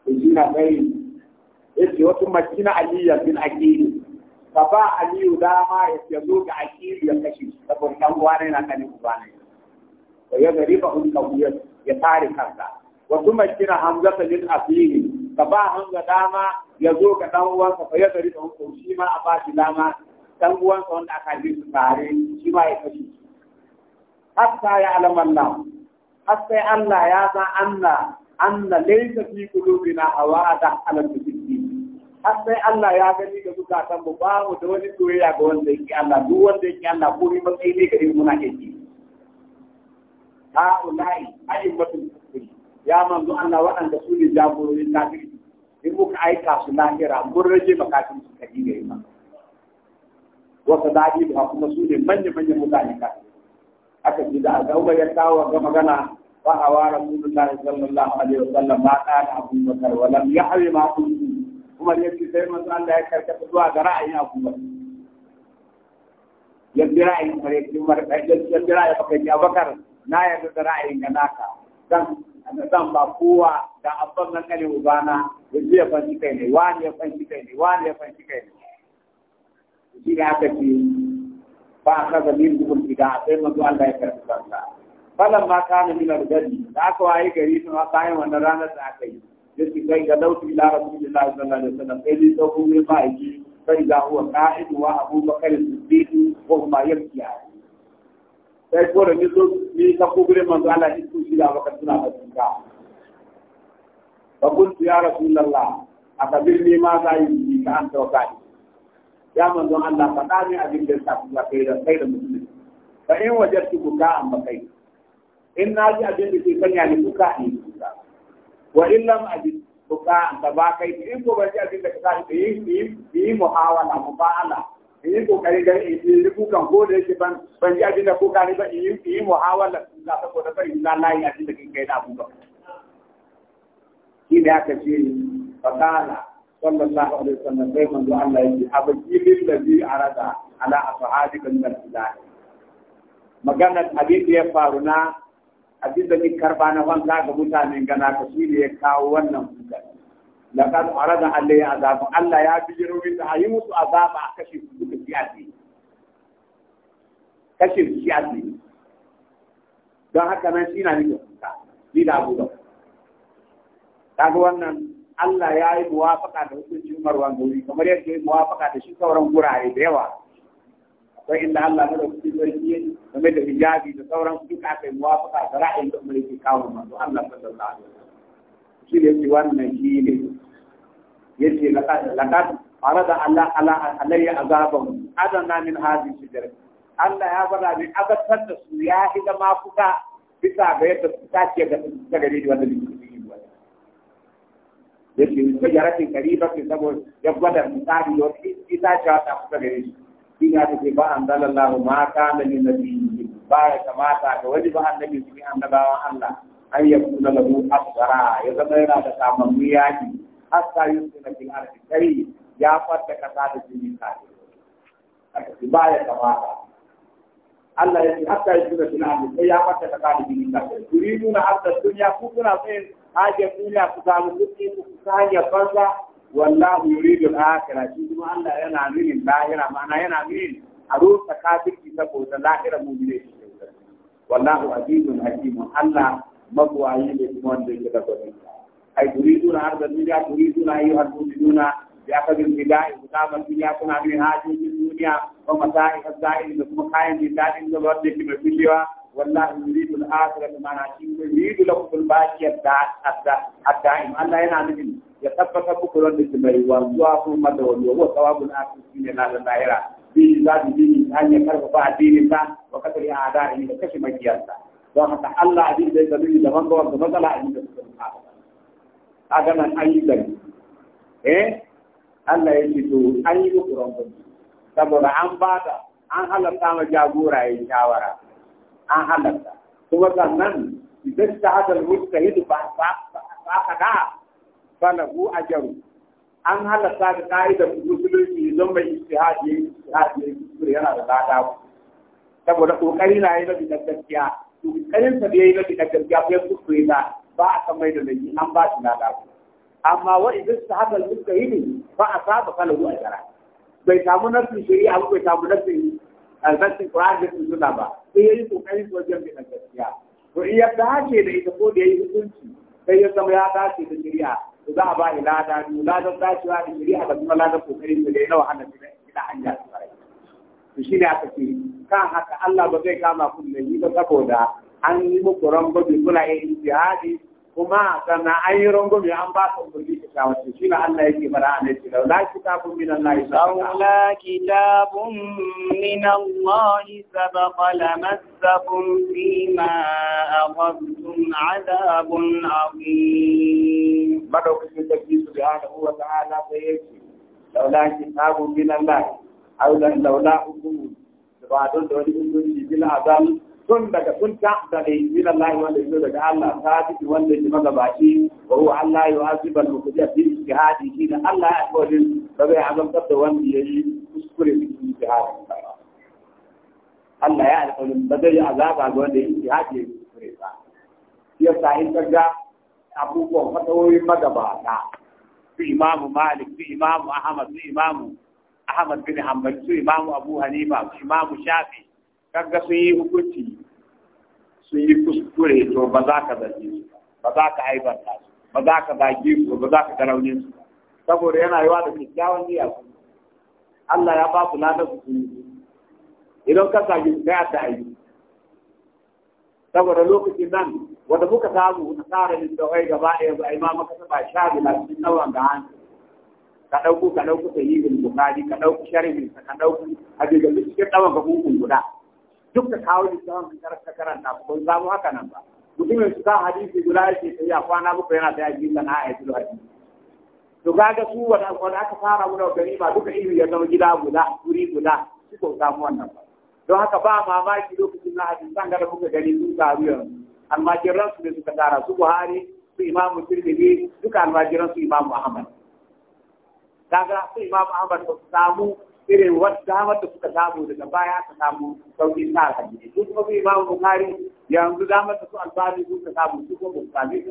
[SPEAKER 1] to shi na bai yace wata makina aliyya bin ba aliyu dama ya zo ga aqili ya kashe saboda dan uwa ne na kanin uba ya ka ba hamza dama ya zo ga dan uwansa fa ya dari da hukun shi ma a bashi lama dan uwansa wanda aka yi su tare shi ma ya kashe shi hatta ya alama Allah hatta sai Allah ya san anna anna laysa fi qulubina hawada ala tijji hatta sai Allah ya gani ga zukatan mu ba mu da wani soyayya ga wanda yake Allah duk wanda yake Allah ko ni matsayi ne ga muna yake ha ulai ayi mutum ya manzo Allah waɗanda su ne jagororin kafiri in muka aika su lahira mun rage makafin su kadi ne ba wata dadi ba kuma su ne manya manyan mutane ka aka ji da ga Umar ya kawo ga magana wa hawa rasulullah sallallahu alaihi wasallam ba kana Abu Bakar wa lam yahwi ma kuntu kuma ya ce sai manzo Allah ya karkata zuwa ga ra'ayin Abu Bakar ya bi ra'ayin Umar ya ce ya bi ra'ayin Abu Bakar na yarda da ra'ayin ga naka dan da zan ba kowa da abban nan kare ubana da ya fanci kai ne wani ya fanci kai ne wani ya fanci kai ne shi ne aka ce ba ka ga min gudun gida sai mazu Allah ya karɓi kansa falan ma kana min al-gadi da aka waye gari sun aka yi wannan ranar da aka yi yake kai ga dauki ila rasulullahi sallallahu alaihi wasallam sai dai sauƙin kuma ba yi sai da huwa qa'id wa Abu Bakar Siddiq wa ma yabkiya sai ko da ni zo ni ta kubure manzo Allah shi su shi da baka suna da tunka fa kuntu ya rasulullah akabirni ma za yi ka an tawaka ya manzo Allah faɗa ni abin da ta kuma kai da kai da musulmi fa in wajadtu kuka amma kai in na ji abin da ke sanya ni kuka ni kuka wa in lam ajid kuka an ba kai in ko ba ji abin da ka sa ni yi yi muhawala Allah. in yi kokarin ganin in yi kukan ko da yake ban ban ji abin da kuka ne ba in yi muhawala na saboda bari na layi abin da kin kai na kuka shi ne aka ce fakala sallallahu alaihi wasallam sai manzo Allah yake abaki lil ladhi arada ala ashabika min al-islam maganar abin da ya faru na abin da ni karba na ban ga mutanen gana ka shi ne ya kawo wannan kuka laqad arada alayhi azabun Allah ya bijiro min da ayi musu azaba a kashe su siyasi kashe siyasi don haka nan shi na kuka ni da abu da kaga wannan Allah ya yi muwafaka da hukuncin Umar Wangori kamar yadda ya yi muwafaka da shi sauran gurare da yawa akwai inda Allah na rubuci game da hijabi da sauran duka aka muwafaka da ra'ayin da Umar yake Allah shi da yake wannan shi ne yace laqad da Allah ala alayya azaban adana min hadhihi shijara Allah ya bada ni azabtar da su ya hida ma kuka bisa ga yadda su tace ga ta gare ni wannan bincike yace ni sajaratin kariba ke saboda ya gwada misali yau ta ce ta kusa gare shi ina da ke ba an dalallahu ma kana na biyu ba ya kamata ga wani ba annabi su annabawan Allah an ya kuna lahu asara ya zama yana da kamammu yaki hatta yusuna fil ardi kai ya fadda kasa da jini kafin aka ba ya kamata Allah ya ce hatta yusuna fil ardi kai ya fadda kasa da jini kafin turiduna hatta dunya ku kuna sai haje duniya ku samu kuɗi ku hanyar banza wallahu yuridu al-akhirah shi kuma Allah yana nuni lahira ma'ana yana nuni a rusa kafirci saboda lahira mu'mini shi wallahu azizun hakim Allah magwayi ne kuma wanda yake da gwani ai turiduna har da duniya turiduna yi har turiduna ya ka bin bida in ka ban duniya kuna bin hajjin duniya wa masa'i hasa'i da kuma kayan jin dadin da wanda yake mai kullewa wallahi yuridu al-akhirata ma na shi yuridu lakum al-baqiyat ad-da'im Allah yana nufin ya tabbata muku da mai na da lahira bi za bi hanyar karfafa addinin ta wa a a'da'i da kashe makiyarsa don haka Allah abin da ya nufi daban ga da matsala a da suka nufa a ganin an yi gari eh Allah ya ce to an yi muku rangwani saboda an bada an halatta ma jagora ya shawara an halatta kuma sannan idan ta hadal mujtahidu ba ba ka da a jaru? an halatta da ka'idar musulunci don mai ijtihadi ijtihadi kuskure yana da lada saboda kokari na yi na bidan gaskiya karin sa da yayi na da gaskiya bai kuskure ba ba a san mai da laifi an ba shi lada amma wa idan suka yi mustahili ba a saba falahu ajra bai samu nafsin shari'a abu bai samu nafsin albatin Qur'an da suna ba sai yayi kokarin wajen da gaskiya to in ya dace da ita ko da ya yi hukunci sai ya zama ya dace da shari'a to za a ba ni lada dacewa da shari'a da kuma lada kokarin da yayi na wahala da hanya to shi ne aka ce kan haka Allah ba zai kama ku da yi ba saboda an yi muku rangwame kuna yin ijtihadi kuma sannan an yi rangwame an ba ku umarni ka shawo to shi ne Allah yake fara a nan cewa la kitabun min Allah la kitabun min Allah sabaqa lamassakum fima aghadtum adabun azim madaukakin da bi subhanahu wa ta'ala sai yake laula kitabun min Allah aulan laula hukumu da ba don da wani hukunci bil azam tun daga tun ta da ne min Allah wanda yake daga Allah ta sabiti wanda yake magabaci wa huwa Allah yu'azibu al-mukhtiya fi ijtihadi shi da Allah ya kodin ba zai azabtar da wanda yayi kuskure fi ijtihadi Allah ya alƙawarin ba zai yi azaba ga wanda yake ijtihadi kuskure ba yasa in kaga abubuwan fatawoyin magabata su imamu malik su imamu ahmad su imamu Ahmad bin Hanbal su Imam Abu Hanifa Imam Shafi kaga sun yi hukunci sun yi kuskure to ba za ka zargi su ba za ka aibanta su ba za ka baki su ba za ka garaunin su saboda yana yawa da kyakkyawan niyya Allah ya ba ku ladan su idan ka sa yin kai ta yi. saboda lokacin nan wanda muka samu na tsara da wai gaba ɗaya ba imama ka ba shafi na cikin nawan da hannu ka ɗauko ka ɗauko sahihul bukari ka ɗauko sharhin ka ɗauko hadisi duk cikin tsawon ka hukun guda duk da kawo littafin ka karanta ko ban samu haka nan ba mutumin su kan hadisi guda yake sai ya kwana ko yana ta yaji na a da hadisi to ga su wanda wanda aka fara mu da gari ba duka iri ya zama gida guda wuri guda su ko samu wannan ba don haka ba mamaki lokacin na hadisi san gara da muka gani sun taru yanzu almajiran su ne suka tara su Buhari su Imam Tirmidhi duka almajiran su Imam Ahmad Daga su imam ahmad ba su samu irin wasu damar da suka samu daga baya ta samu sauƙin sa alhaji su kuma su imam bukhari yanzu damar da su albani suka samu su kuma bukhari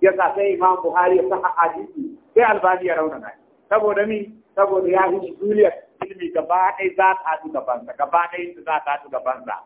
[SPEAKER 1] ya sa sai imam bukhari ya saka hadisi sai albani ya raunana saboda mi saboda ya yi duniyar ilimi gaba ɗaya za ta haɗu gabansa gaba ɗaya za ta haɗu gabansa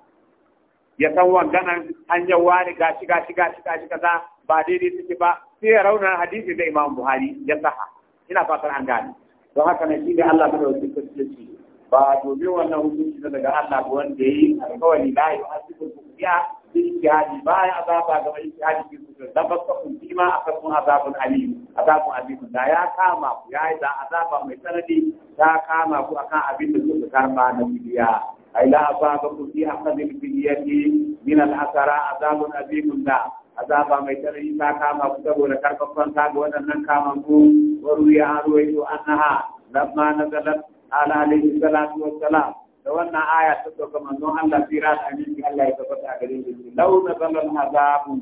[SPEAKER 1] ya san wanganan hanyar wani gashi gashi gashi gashi kaza ba daidai suke ba sai ya raunana hadisi da imam buhari ya saha ina fatan an gane don haka ne shi da Allah ta dauki kusurci ba domin wannan hukunci na daga Allah ba wanda yayi alƙawari la ya hasibu kufiya ijtihadi ba ya azaba ga ijtihadi ki kusur da ba ku kima akakun azabun alim azabun alim da ya kama ku ya da azaba mai sanadi ta kama ku akan abin da kuka karba na bidiya ai la azaba ku fi haqqi bil bidiyati min al asara azabun alim da azaba mai tsanani ta kama ku saboda karfafan ta ga waɗannan kaman ku wa ruya an ruwaito annaha lamma nazalat ala alaihi salatu wassalam da wannan aya ta sauka manzon Allah tsira da aminci Allah ya tabbata a gare shi lau nazalan azabun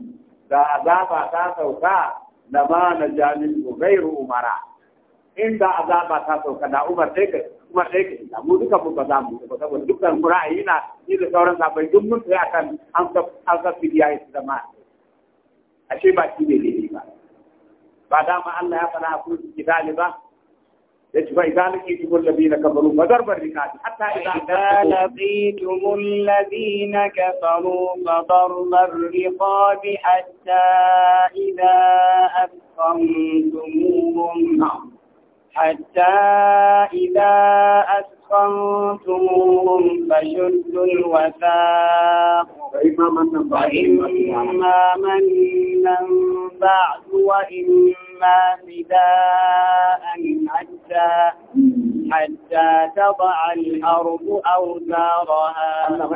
[SPEAKER 1] da azaba ta sauka da ma na jamin gairu umara inda azaba ta sauka da umar dai kai kuma sai ka shiga mu duka mun ba za mu ba saboda dukkan ra'ayi na ni da sauran sabai duk mun tsaya akan an ka an ka fidiya ya zama ashe ba shi ne daidai ba ba dama Allah يجب إذا لقيتم الذين كفروا فضرب الرقاب حتى إذا لقيتم الذين كفروا فضرب الرقاب حتى إذا أثخنتموهم نعم. حتى إذا أثخنتموهم فشدوا الوثاق وإما منا بعد وإما فداء حتى حتى تضع الأرض أوزارها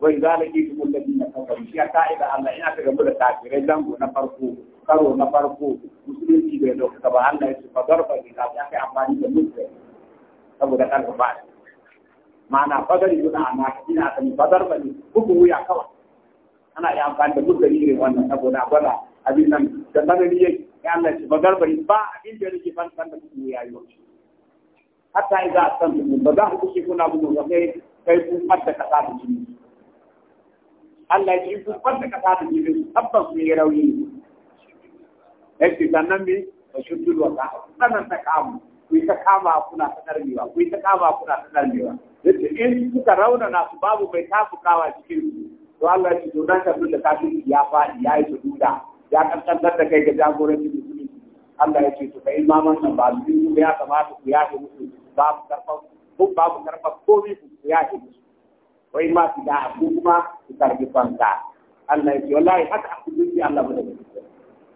[SPEAKER 1] وإذا لقيتم الذين كفروا يا تائب الله إنك تقول الكافر ذنب نفرقوا karo na farko musulunci bai dauka ba Allah ya ce fa darba bi ka aka amfani da mutum saboda karfa ba ma'ana fadari guda amma ina sani fadar ba ne bugun wuya kawai ana yi amfani da muka irin wannan saboda gwada abin nan da sanani yake ya Allah ce fadar ba ba abin da yake fan fan da bugun wuya yau hatta idza asantum ba za ku kushe kuna bugun wa sai kai kun fadda kasa da jini Allah ya ce kun fadda kasa da jini tabbas ne rauni ne yake sannan me ba shuddul wa ta sanan ta kamu ku ta kama kuna ta karmewa ku ta kama kuna ta karmewa yace in kuka raunana su babu mai tafukawa cikin su to Allah ya ce to dan kafin da kafin ya faɗi ya yi ta sujuda ya kankantar da kai ga jagoranci musulmi Allah ya ce to kai imaman nan ba su ya kamata ku yafe musu babu karfan ko babu karfan komai ku yafe musu wai ma su da ku kuma su karbi fanka Allah ya ce wallahi haka ku dinki Allah ba da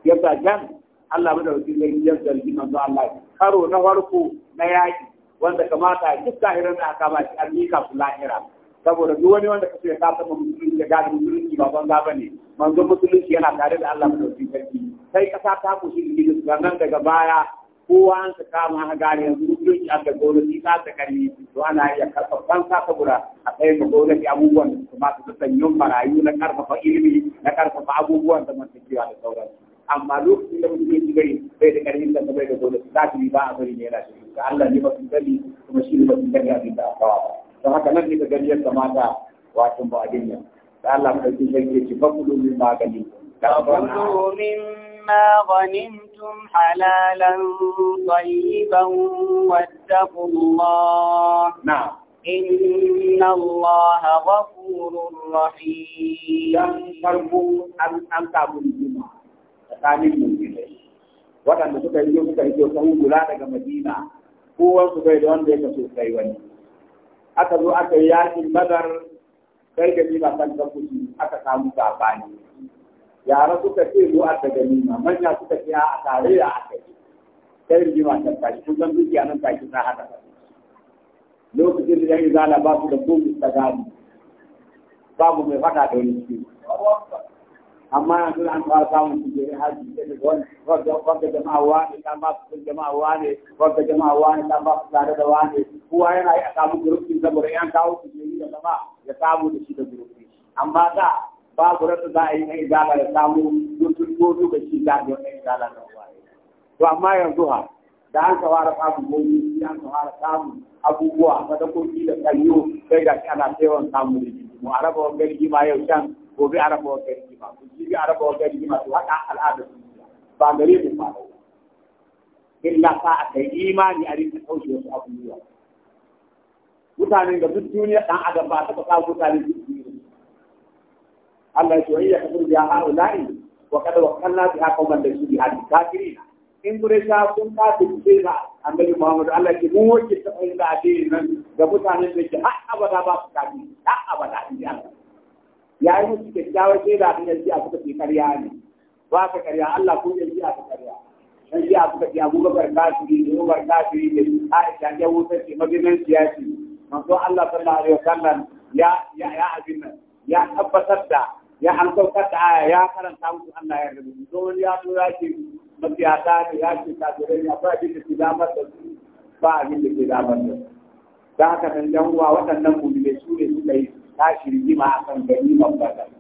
[SPEAKER 1] yasa jan Allah mu da wakilin yan zargi manzo Allah karo na farko na yaki wanda kamata duk kahiran da aka ba shi an su lahira saboda duk wani wanda kace ka saba musulunci da gadi musulunci ba banza bane manzo musulunci yana tare da Allah mu da wakilin sai kasa ta kushi da sannan daga baya kowa an ka kama a gari yanzu mutunci an da gwamnati ta ta kari to ana iya kan sa gura a kai ga gwamnati abubuwan da su masu sassan marayu na karfafa ilimi na karfafa abubuwan da da sauransu. amma lokacin da mutum yake bari bai da karfin da bai da dole ta ci ba a bari ne yana shi ga Allah ne ba su sani kuma shi ne ba su sani abin da aka ba don haka nan ne ka gani ya kamata wato ba da Allah ka ci shi ke ci fa kullu min magani ka kullu halalan tayyiban wattaqullah na'am إن الله غفور رحيم. tsakanin mu'minai waɗanda suka yi suka yi sun gula daga Madina kowan su bai da wanda ya kaso kai wani aka zo aka yi yakin badar kai da ba san ta kuɗi aka samu sabani yara suka ce zo a daga nima manya suka ce a tare a aka yi sai rigima ta tashi kun san nan ta kisa haka lokacin da yi zana ba su da kogin ta gani babu mai faɗa da wani ciwo amma yanzu an fara samun kujerai har jike wanda jama'a wane ta ba su kun jama'a wane wanda jama'a wane ta ba su tare da wane Kuwa yana yi a samu gurufin saboda yan kawo kujeri da zama ya samu da shi da gurufin amma da babu rasa za a yi ɗan izala ya samu gurufin ko duka shi za a yi ɗan izala da waye to amma yanzu ha da an fara samun gobe an fara samun abubuwa sadakoki da kanyo sai ga ana yawan samun rigimu a raba wani ma yau can gobe a raba wa gari ma ko jibi a raba wa gari ma to haka al'ada ba gare mu ba illa sa a kai imani a rinka kauce wasu abubuwa mutane da duk duniya dan adam ba ta k'a mutane duk duniya Allah ya ce ya kafir ya haula'i wa kada wakanna bi haka man da su bi hadi kafirina in quraisha sun ka su ce ba annabi Muhammad Allah ke mu wuce ta inda addini nan da mutane da ke har abada ba su kafiri har abada in ji Allah ya yi musu kyakkyawar shaida ta yanzu a suka fi karya ne ba ka karya Allah ko yanzu a ka karya dan shi a suka ce abubakar kafiri ne umar kafiri ne aisha ya wutar ce mabinan siyasi manzo Allah sallallahu alaihi wasallam ya ya ya abin ya tabbatar da ya an saukar da aya ya karanta musu Allah ya rubuta to wani ya zo ya ce mafiyata da ya ce kafirai ne akwai abin da ke damar da su ba abin da ke damar da su da haka nan yan uwa waɗannan mu'minai su ne suka yi Tashi rigima a kan gani ban sai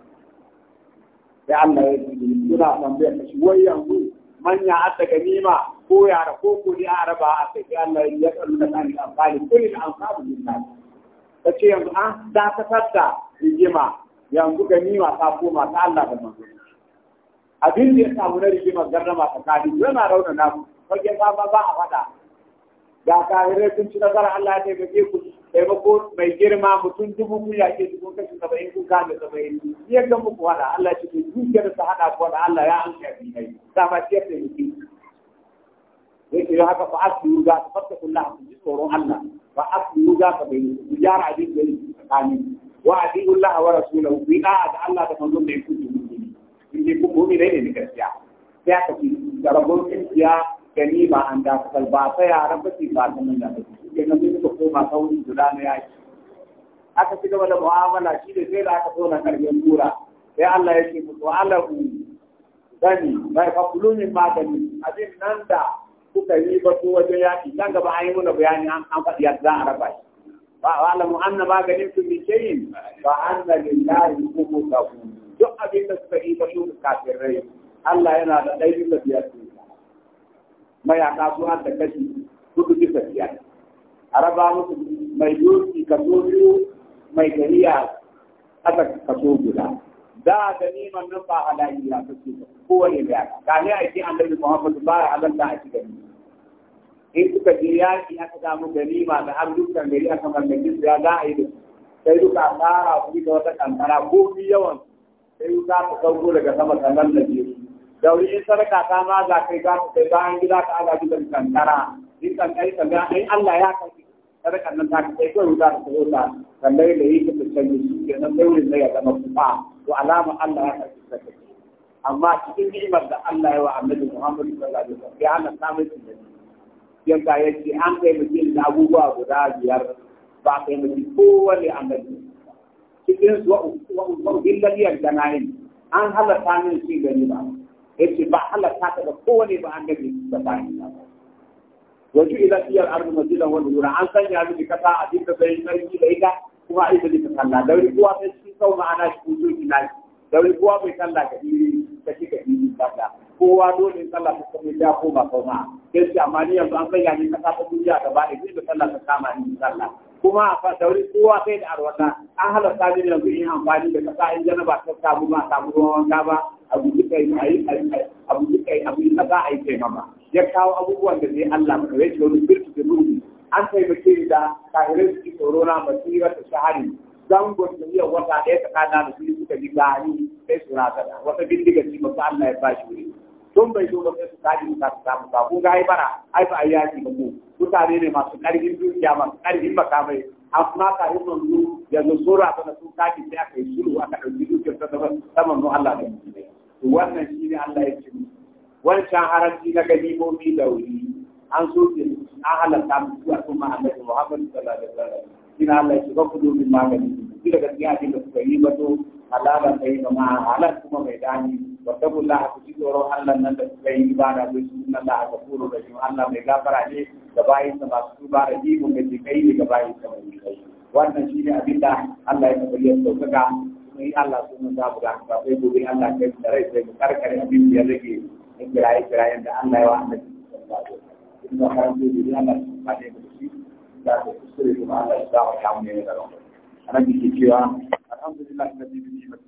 [SPEAKER 1] Allah ya ce suna tambayar shi wai yanzu manya adda ganima ko yara ko kudi a raba a sai Allah ya kallu da kan amfani kullin amfani lillahi ta ce yanzu an ah, dakatar da rigima yanzu ganima ta koma ta Allah da manzo abin da ya samu na rigima garrama tsakanin yana raunana fagen fama ba a fada ga kahirai sun ci nasara Allah ya taimake ku taimako mai girma mutum dubu kun ya su kun kashi saba'in kun kame saba'in ya ga muku hada Allah ya ce zuciyar ta hada ku hada Allah ya an shafi kai dama ce ta yi ya ce haka fa asiru ga ta fatta kullu a cikin tsoron Allah fa asiru ga ka bai ku jara abin da yake tsakani wa a bi Allah wa rasulahu bi da Allah da manzon da yake ku in ji ku mu'mina ne ne gaskiya sai aka ci da rabon gaskiya ganima an dakatar ba ta yaran ba ce ba ta manya ba ke nan sun suka koma sauri guda na yaki aka ci gaba da mu'amala shi da sai da aka zo na tura sai Allah ya ce musu alahu gani bai fa kulumin abin nan da kuka yi ba ko wajen yaki nan gaba an yi mana bayani an faɗi yadda a raba shi ان ما غنمتم من شيء فان لله خمسه duk abin da suka yi ba su kafirai Allah yana da ɗaiɗin da biyar mayaka su an da kashi hudu bisa biyar a raba musu mai doki kaso biyu mai tahiya aka kaso guda da da niman nan ba halayi ya kaso kowane da kane a ji annabi Muhammad ba ya halalta a ci gani in suka je yaki aka samu ganima da har dukkan gari aka mallaki su ya za a yi da sai duka tsara ku da wata kankara ko bi yawan sai duka ta sauko daga sama sannan da biyu da wuri in sadaka ta ma za kai za ka kai bayan gida ka aga gidan kankara in kankari kankara in Allah ya kai sadakan nan ta kai kai za ka kai ta kankari da yi ka tsaye shi kenan daurin zai ya zama kuma to alama Allah ya kai sadaka amma cikin ni'imar da Allah ya wa Annabi Muhammadu sallallahu alaihi wasallam ya Allah ta mai tunani yanda yake an kai mutum da abubuwa guda biyar ba kai mutum kowane annabi cikin su wa ubillal yadda na'in an halatta min shi gani ba yace ba halaka ta da kowane ba annabi da bayin Allah waju ila tiyar ardu masjidan wal nura an san ya miki kasa a dinka sai sarki da ita kuma a ita dinka sallah dauri kuwa sai shi sau ma'ana shi kuzo ki lafi dauri kuwa bai sallah ka diri ka shi ka diri sallah kowa dole sallah ta kuma ya koma kauma sai shi amma ni yanzu an san sanya miki kasa ta duniya gaba da sai da sallah ta kama ni kalla. kuma a fasauri kowa sai da arwata an halatta ne da yin amfani da kasa in janaba ta samu ba samu ruwan wanka ba a guji kai a guji kai a guji kasa a yi taimama ya kawo abubuwan da zai Allah ka yake wani birki da ruhi an taimake da kahirin su tsoro na basira ta shahari zangon da yau wata ɗaya tsakanin da su suka ji gani sai su rasa wata bindiga ci ba Allah ya ba shi wuri tun bai zo ba sai su kaji ka samu ba ko ga ai bara ai ba ai yaki ba ko mutane ne masu ƙarfin dukiya masu ƙarfin makamai amma ka yi manzo yanzu sura ta sun sai aka yi aka ɗauki dukiyar ta saman mu Allah da musulmai wannan shi ne Allah ya ce wancan haramci na ganimomi da wuri an so ke an halatta mu zuwa kuma annabi Muhammad sallallahu alaihi wasallam ina Allah ya ce ba ku domin magani duk daga cikin abin da suka yi ba to halalan kai ma halal kuma mai dani واتقوا الله فتجدوا الله لن تكفي عبادة بسم الله غفور رحيم الله مغفر عليه كبائن سبا سبا رحيم ومتكين كبائن سبا wannan shi ne abin da Allah ya tafi ya sauƙaƙa kuma yi Allah sunan za mu gasa sai gobe Allah ya da rai sai mu karkare abin da ya rage in kiraye kirayen da Allah ya wa Allah in da karanto gobe Allah ya fade mu da shi da ta Allah ya sa wa kawo ke cewa alhamdulillah nabi bi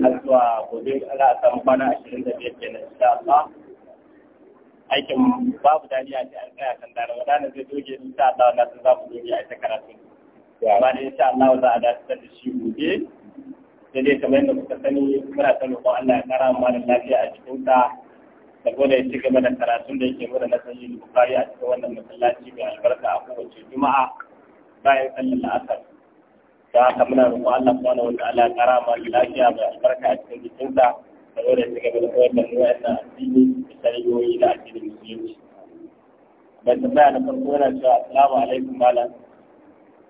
[SPEAKER 1] har zuwa gobe ana samu kwana ashirin da biyar kenan insha Allah aikin babu dariya ce an tsaya kan dara wadana zai doge insha Allah wannan sun za mu doge a ita karatun. amma da insha Allah za a dakatar da shi gobe sai dai kamar yadda kuka sani muna ta roƙon Allah ya kara mu da lafiya a cikin sa da gode ya ci gaba da karatun da yake mura na sanyi Bukhari a cikin wannan masallaci mai albarka a kowace juma'a bayan sallar la'asar da haka muna roƙo Allah subhanahu wataala ya kara ma lafiya mai albarka a cikin jikinsa da wanda suka bi koyar da mu wannan addini da shari'o'i da addinin musulunci da tambaya na farko yana cewa assalamu alaikum malam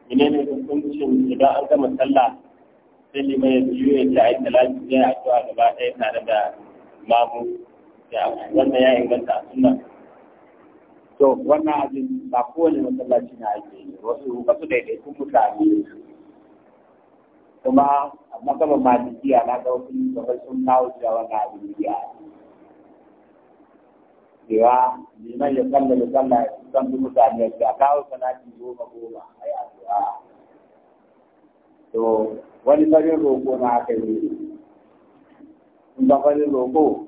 [SPEAKER 1] menene hukuncin idan an gama sallah sai limai ya biyu ya ce ai talati ne a addu'a gaba ɗaya tare da mamu da wannan ya inganta a sunna to wannan abin ba kowane masallaci na ake yi wasu wasu daidaikun mutane kuma a matsalar jiya na ga wasu gaba sun kawo wani abin biya cewa liman ya kalla ya kalla ya san bi mutane ya kawo salati goma goma a yi to wani farin roƙo na aka yi in ba farin roƙo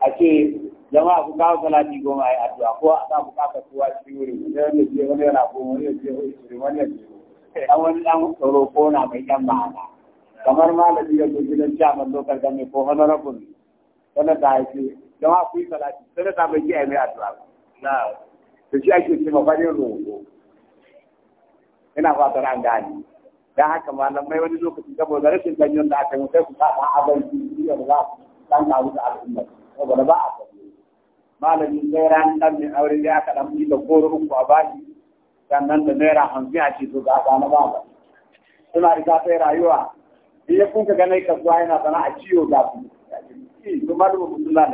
[SPEAKER 1] a ce jama'a ku kawo salati goma a yi addu'a ko a sa bukatar kowa cikin wuri wani ya ce wani yana goma wani ya ce wani ya ce a wani dan ko na mai ɗan ma'ana kamar da ya zo gidan chairman local government ko ne sanata ya ce jama'a ku yi salati ta bai kiyaye a mai addu'a na to shi ake cewa farin roƙo ina fatar an gani dan haka malamai wani lokaci saboda rashin ganyen da aka yi sai ku saba abinci da za a dan kawo da al'umma saboda ba a sabo malamin sai ran dan mai aure ya aka dan yi da koro uku a shi. sannan da naira hamsin a ce to ga na ba suna riga sai rayuwa in ya kunka ganai zuwa yana sana a ciwo ga su da malamu mutum da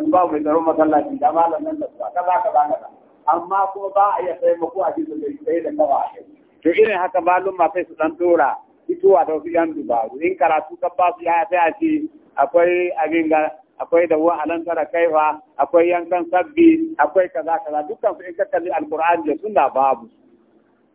[SPEAKER 1] in ba mai tsaron masallaci da malam nan da ka ba ka ba amma ko ba a iya taimako a cikin da sai da kawa a to irin haka malum ma sai su dan dora fitowa da yan in karatu ka ba su ya sai a akwai da wa alan tara kaifa akwai yankan sabbi akwai kaza kaza dukkan su in ka kalli alqur'ani da sunna babu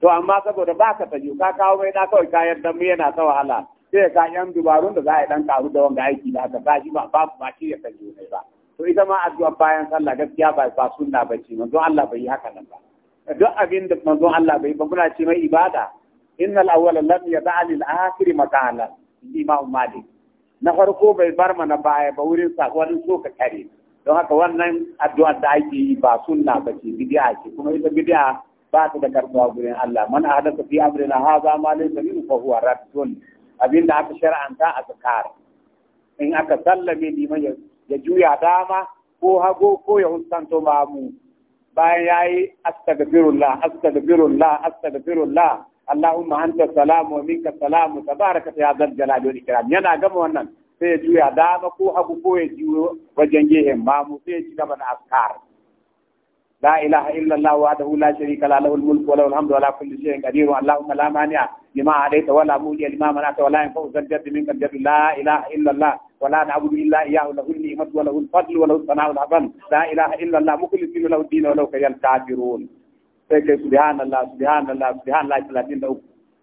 [SPEAKER 1] to amma saboda ka taju ka kawo mai na kawai kayan mu yana ta wahala sai ka yan dubarun da za a dan karu da wanda aiki da haka sashi ba babu ba shi ya kalli ne ba to ita ma addu'a bayan sallah gaskiya ba ba sunna bace manzo Allah bai yi haka nan ba duk abin da manzo Allah bai ba muna ce mai ibada innal awwala lam yada'a lil akhir makana imam malik na farko bai bar mana baya ba wurin wani so ka kare don haka wannan addu'a da ake yi ba sunna ba ce bid'a ce kuma ita bid'a ba ta da karbuwa gurin Allah man ahdatha fi amrina hadha ma laysa minhu fa huwa raddun abinda aka shar'anta a zakar in aka sallame liman ya juya dama ko hago ko ya ba mamu bayan yayi astaghfirullah astaghfirullah astaghfirullah Allahumma anta salamu wa minka salamu tabaraka ya zal jalali wal ikram yana gama wannan sai ya juya dama ko hagu ko ya juyo wajen gehen mamu sai ya ci gaba da askar la ilaha illallah wahdahu la sharika la lahul mulku wa lahul hamdu wa la kulli shay'in qadir Allahumma la mani'a lima adaita wa la mu'ti lima mana'ta wa la yanfa'u zal jaddi minka jaddu la ilaha illallah wa la na'budu illa iyyahu lahul ni'matu wa fadlu la illallah sai kai subhanallah subhanallah subhanallah 33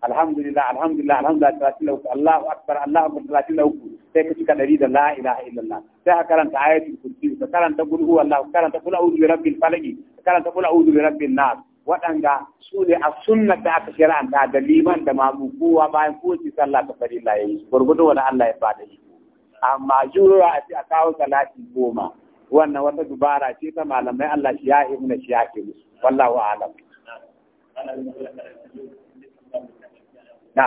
[SPEAKER 1] alhamdulillah alhamdulillah alhamdulillah Allahu akbar Allahu akbar sai ka cika dari da la ilaha illallah sai ka karanta ayatul kursi ka karanta qul karanta qul a'udhu bi rabbil falaq karanta qul a'udhu bi rabbin nas su ne a sunna da aka shari'anta da liman da mamu kowa bayan kowace sallah ta farilla ya gurgudu wani Allah ya fada yi amma jura a a kawo salati goma wannan wata dubara ce ta malamai Allah shi ya yi muna shi ya ke musu wallahu alam na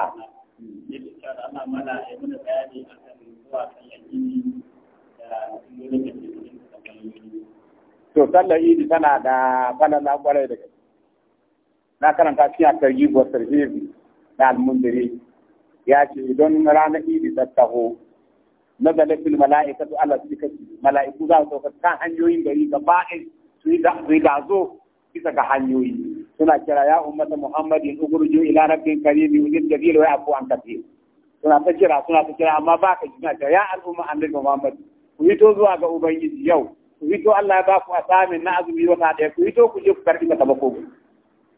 [SPEAKER 1] to sallar idi tana da falala kwarai da gaske na karanta shi a kargi gwasar hebi na almundiri ya ce idan ranar idi ta taho na galafil mala'ikatu ala sikati mala'iku za su sauka kan hanyoyin gari gaba ɗaya su yi gazo bisa ga hanyoyi suna kira ya ummata muhammadin ugurju ila rabbin karim ulil jabil wa afu an kathir suna ta kira suna ta kira amma ba ka jina ta ya al'umma annabi muhammad ku fito zuwa ga ubangiji yau ku fito Allah ya ba ku asamin na azumi wata ɗaya ku fito ku je ku karbi ka tabako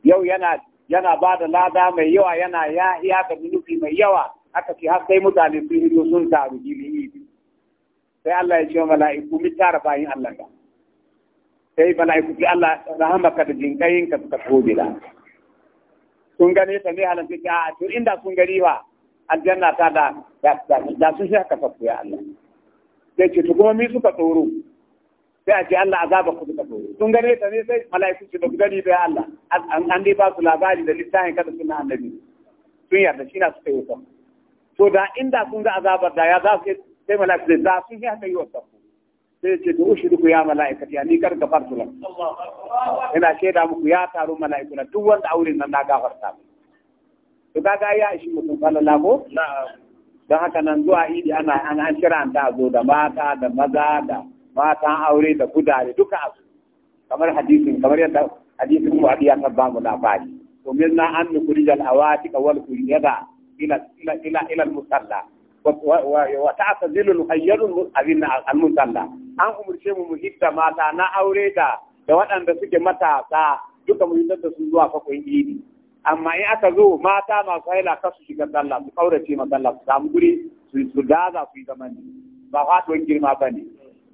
[SPEAKER 1] yau yana yana ba da lada mai yawa yana ya iya ga zunubi mai yawa aka ce har sai mutane sun hito sun taru gili sai Allah ya ce mala'iku mi tara bayin Allah ka sai mala'iku ki Allah rahamaka da jinkayin ka suka tobe da sun gane ta ne halin take a to inda sun gari wa aljanna ta da da sun shi haka fasu ya Allah sai ce to kuma mi suka tsoro sai a ce Allah azaba ku suka tsoro sun gane ta ne sai mala'iku ce ba gani ba ya Allah an dai ba su labari da littafin kada suna annabi sun yarda shi na suka yi sama so da inda sun ga azabar da ya za su sai malaka zai za su yi haka yi ku sai ce to ushi duku ya mala'ikati ya ni kar gafartu yana ina da muku ya taru mala'iku na duk wanda aure nan na gafarta mu to kaga ya ishi mutum falala ko don haka nan zuwa idi ana an an kira ta zo da mata da maza da mata aure da gudare duka abu kamar hadisin kamar yadda hadisin mu hadiya ta bamu mu labari to minna an nukurijal awati wal kuyada إلى إلى إلى المصلى وتعتزل الحيض المصلى an umurce mu hidda mata na aure da da waɗanda suke matasa duka mu hidda da su zuwa fakon idi amma in aka zo mata masu haila ka su shiga sallah su kaurace ma sallah su samu guri su daza su yi zaman ne ba faɗuwar girma ba ne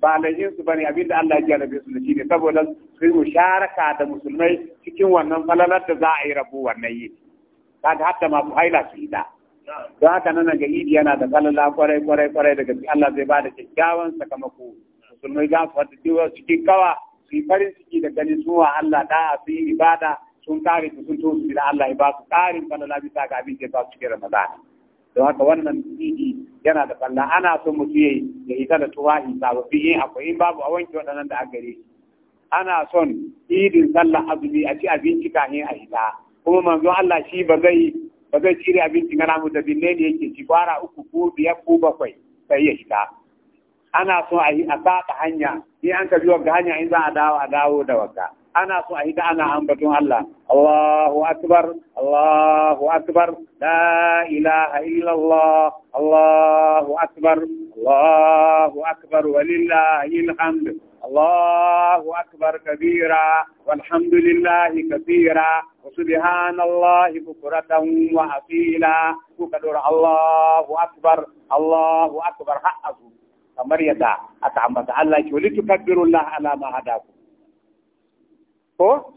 [SPEAKER 1] ba lajin su bane abinda Allah ya jarabe su da shi ne saboda su yi musharaka da musulmai cikin wannan falalar da za a yi rabu wannan yi kaga hatta ma haila shi ita don haka nan ga idi yana da kalala kwarai kwarai kwarai daga Allah zai bada kyakkyawan sakamako musulmai za su wata cewa cikin kawa su farin ciki da ganin suwa Allah da su yi ibada sun kare su sun tosu da Allah ya ba su karin falala bisa ga abin da ba su cikin Ramadan don haka wannan idi yana da kalla. ana son mutum ya ya ita da tuwahi sababbi yin akwai in babu a wanke waɗannan da aka gare ana son idin sallah azumi a ci abinci kafin a ita. kuma manzo Allah shi ba zai ba zai cire abincin ana mu da binne ne yake ci kwara uku ko biyar ko bakwai sai ya shiga ana so a yi a saka hanya sai an ka biyo ga hanya in za a dawo a dawo da wagga ana so a yi da ana ambaton Allah Allahu akbar Allahu akbar la ilaha illallah Allahu akbar Allahu akbar walillahil hamd الله أكبر كبيرا والحمد لله كثيرا وسبحان الله بكرة وأصيلا كقدر الله أكبر الله أكبر حقه kamar yadda aka ambata Allah ke wali tukabbirullah ala ma hadaku ko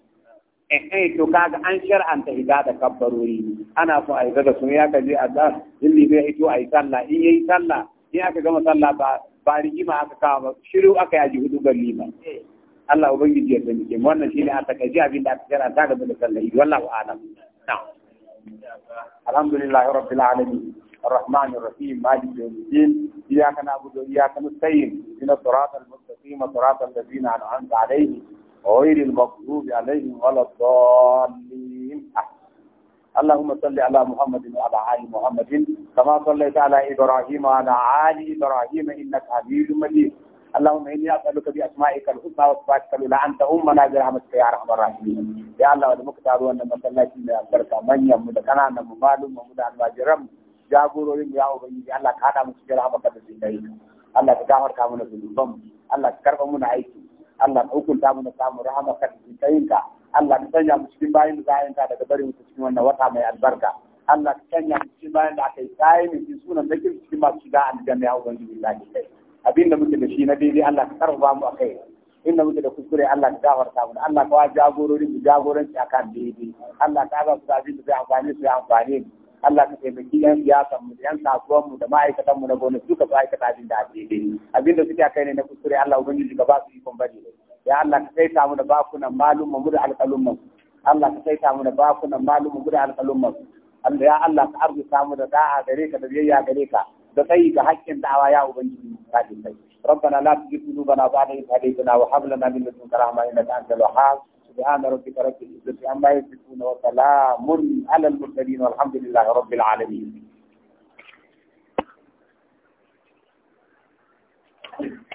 [SPEAKER 1] eh eh to kaga an shar'anta hidda da kabbarori ana so a yi da su ya kaje azan illi bai hito a yi sallah in yayi sallah in aka gama sallah ba ba rigima aka kawo ba shiru aka yaji hudu ban lima Allah ubangiji ya tsamike mu wannan shine a takaice abin da aka kira ta gaba da sallah wallahu a'lam alhamdulillahi rabbil alamin الرحمن الرحيم مالك يوم الدين اياك نعبد واياك نستعين اهدنا الصراط المستقيم صراط الذين انعمت عليهم غير المغضوب عليهم ولا الضالين اللهم صل على محمد وعلى آل محمد كما صليت على إبراهيم وعلى آل إبراهيم إنك حميد مجيد اللهم إني أسألك بأسمائك الحسنى وصفاتك الأولى أنت أمنا برحمتك يا أرحم الراحمين يا الله ولم أكتر أن مسلاتي من البركة من يمد كان أنا ممالو ممد أن واجرم جابورو يا أبي الله كان مسجد رحمك بسيطة الله تكامر كامل ذنوبهم الله تكرم من عيسي Allah ka hukunta mu da samun rahamarka da jinƙayinka Allah ka sanya mu cikin bayin da za a yanka daga barin su cikin wannan wata mai albarka Allah ka sanya mu cikin bayin da aka yi kayan mai sunan da kirki cikin masu shiga aljanna ya ubangiji Allah ke kai abin da muke da shi na daidai Allah ka karfafa mu In inda muke da kuskure Allah ka gafarta mu Allah ka wa jagorori mu jagoranci akan daidai Allah ka ga su abin da zai amfani su ya amfani mu Allah ka taimaki yan siyasan mu yan kasuwan mu da ma'aikatan mu na gona duka su aikata abin da daidai abin da suke kai ne na kuskure Allah ubangiji ka ba su ikon bari ne ya Allah ka saita mu da bakunan malum mu da alƙalun mu Allah ka saita mu da bakunan malum mu da alƙalun mu Allah ya Allah ka arzuta mu da da'a gare ka da biyayya gare ka da tsayi ga haƙƙin da'awa ya ubangiji ka ji sai ربنا لا تزغ قلوبنا بعد إذ هديتنا وهب لنا من لدنك رحمة إنك أنت الوهاب سبحان ربك رب العزة عما يصفون وسلام على المرسلين والحمد لله رب العالمين Thank you.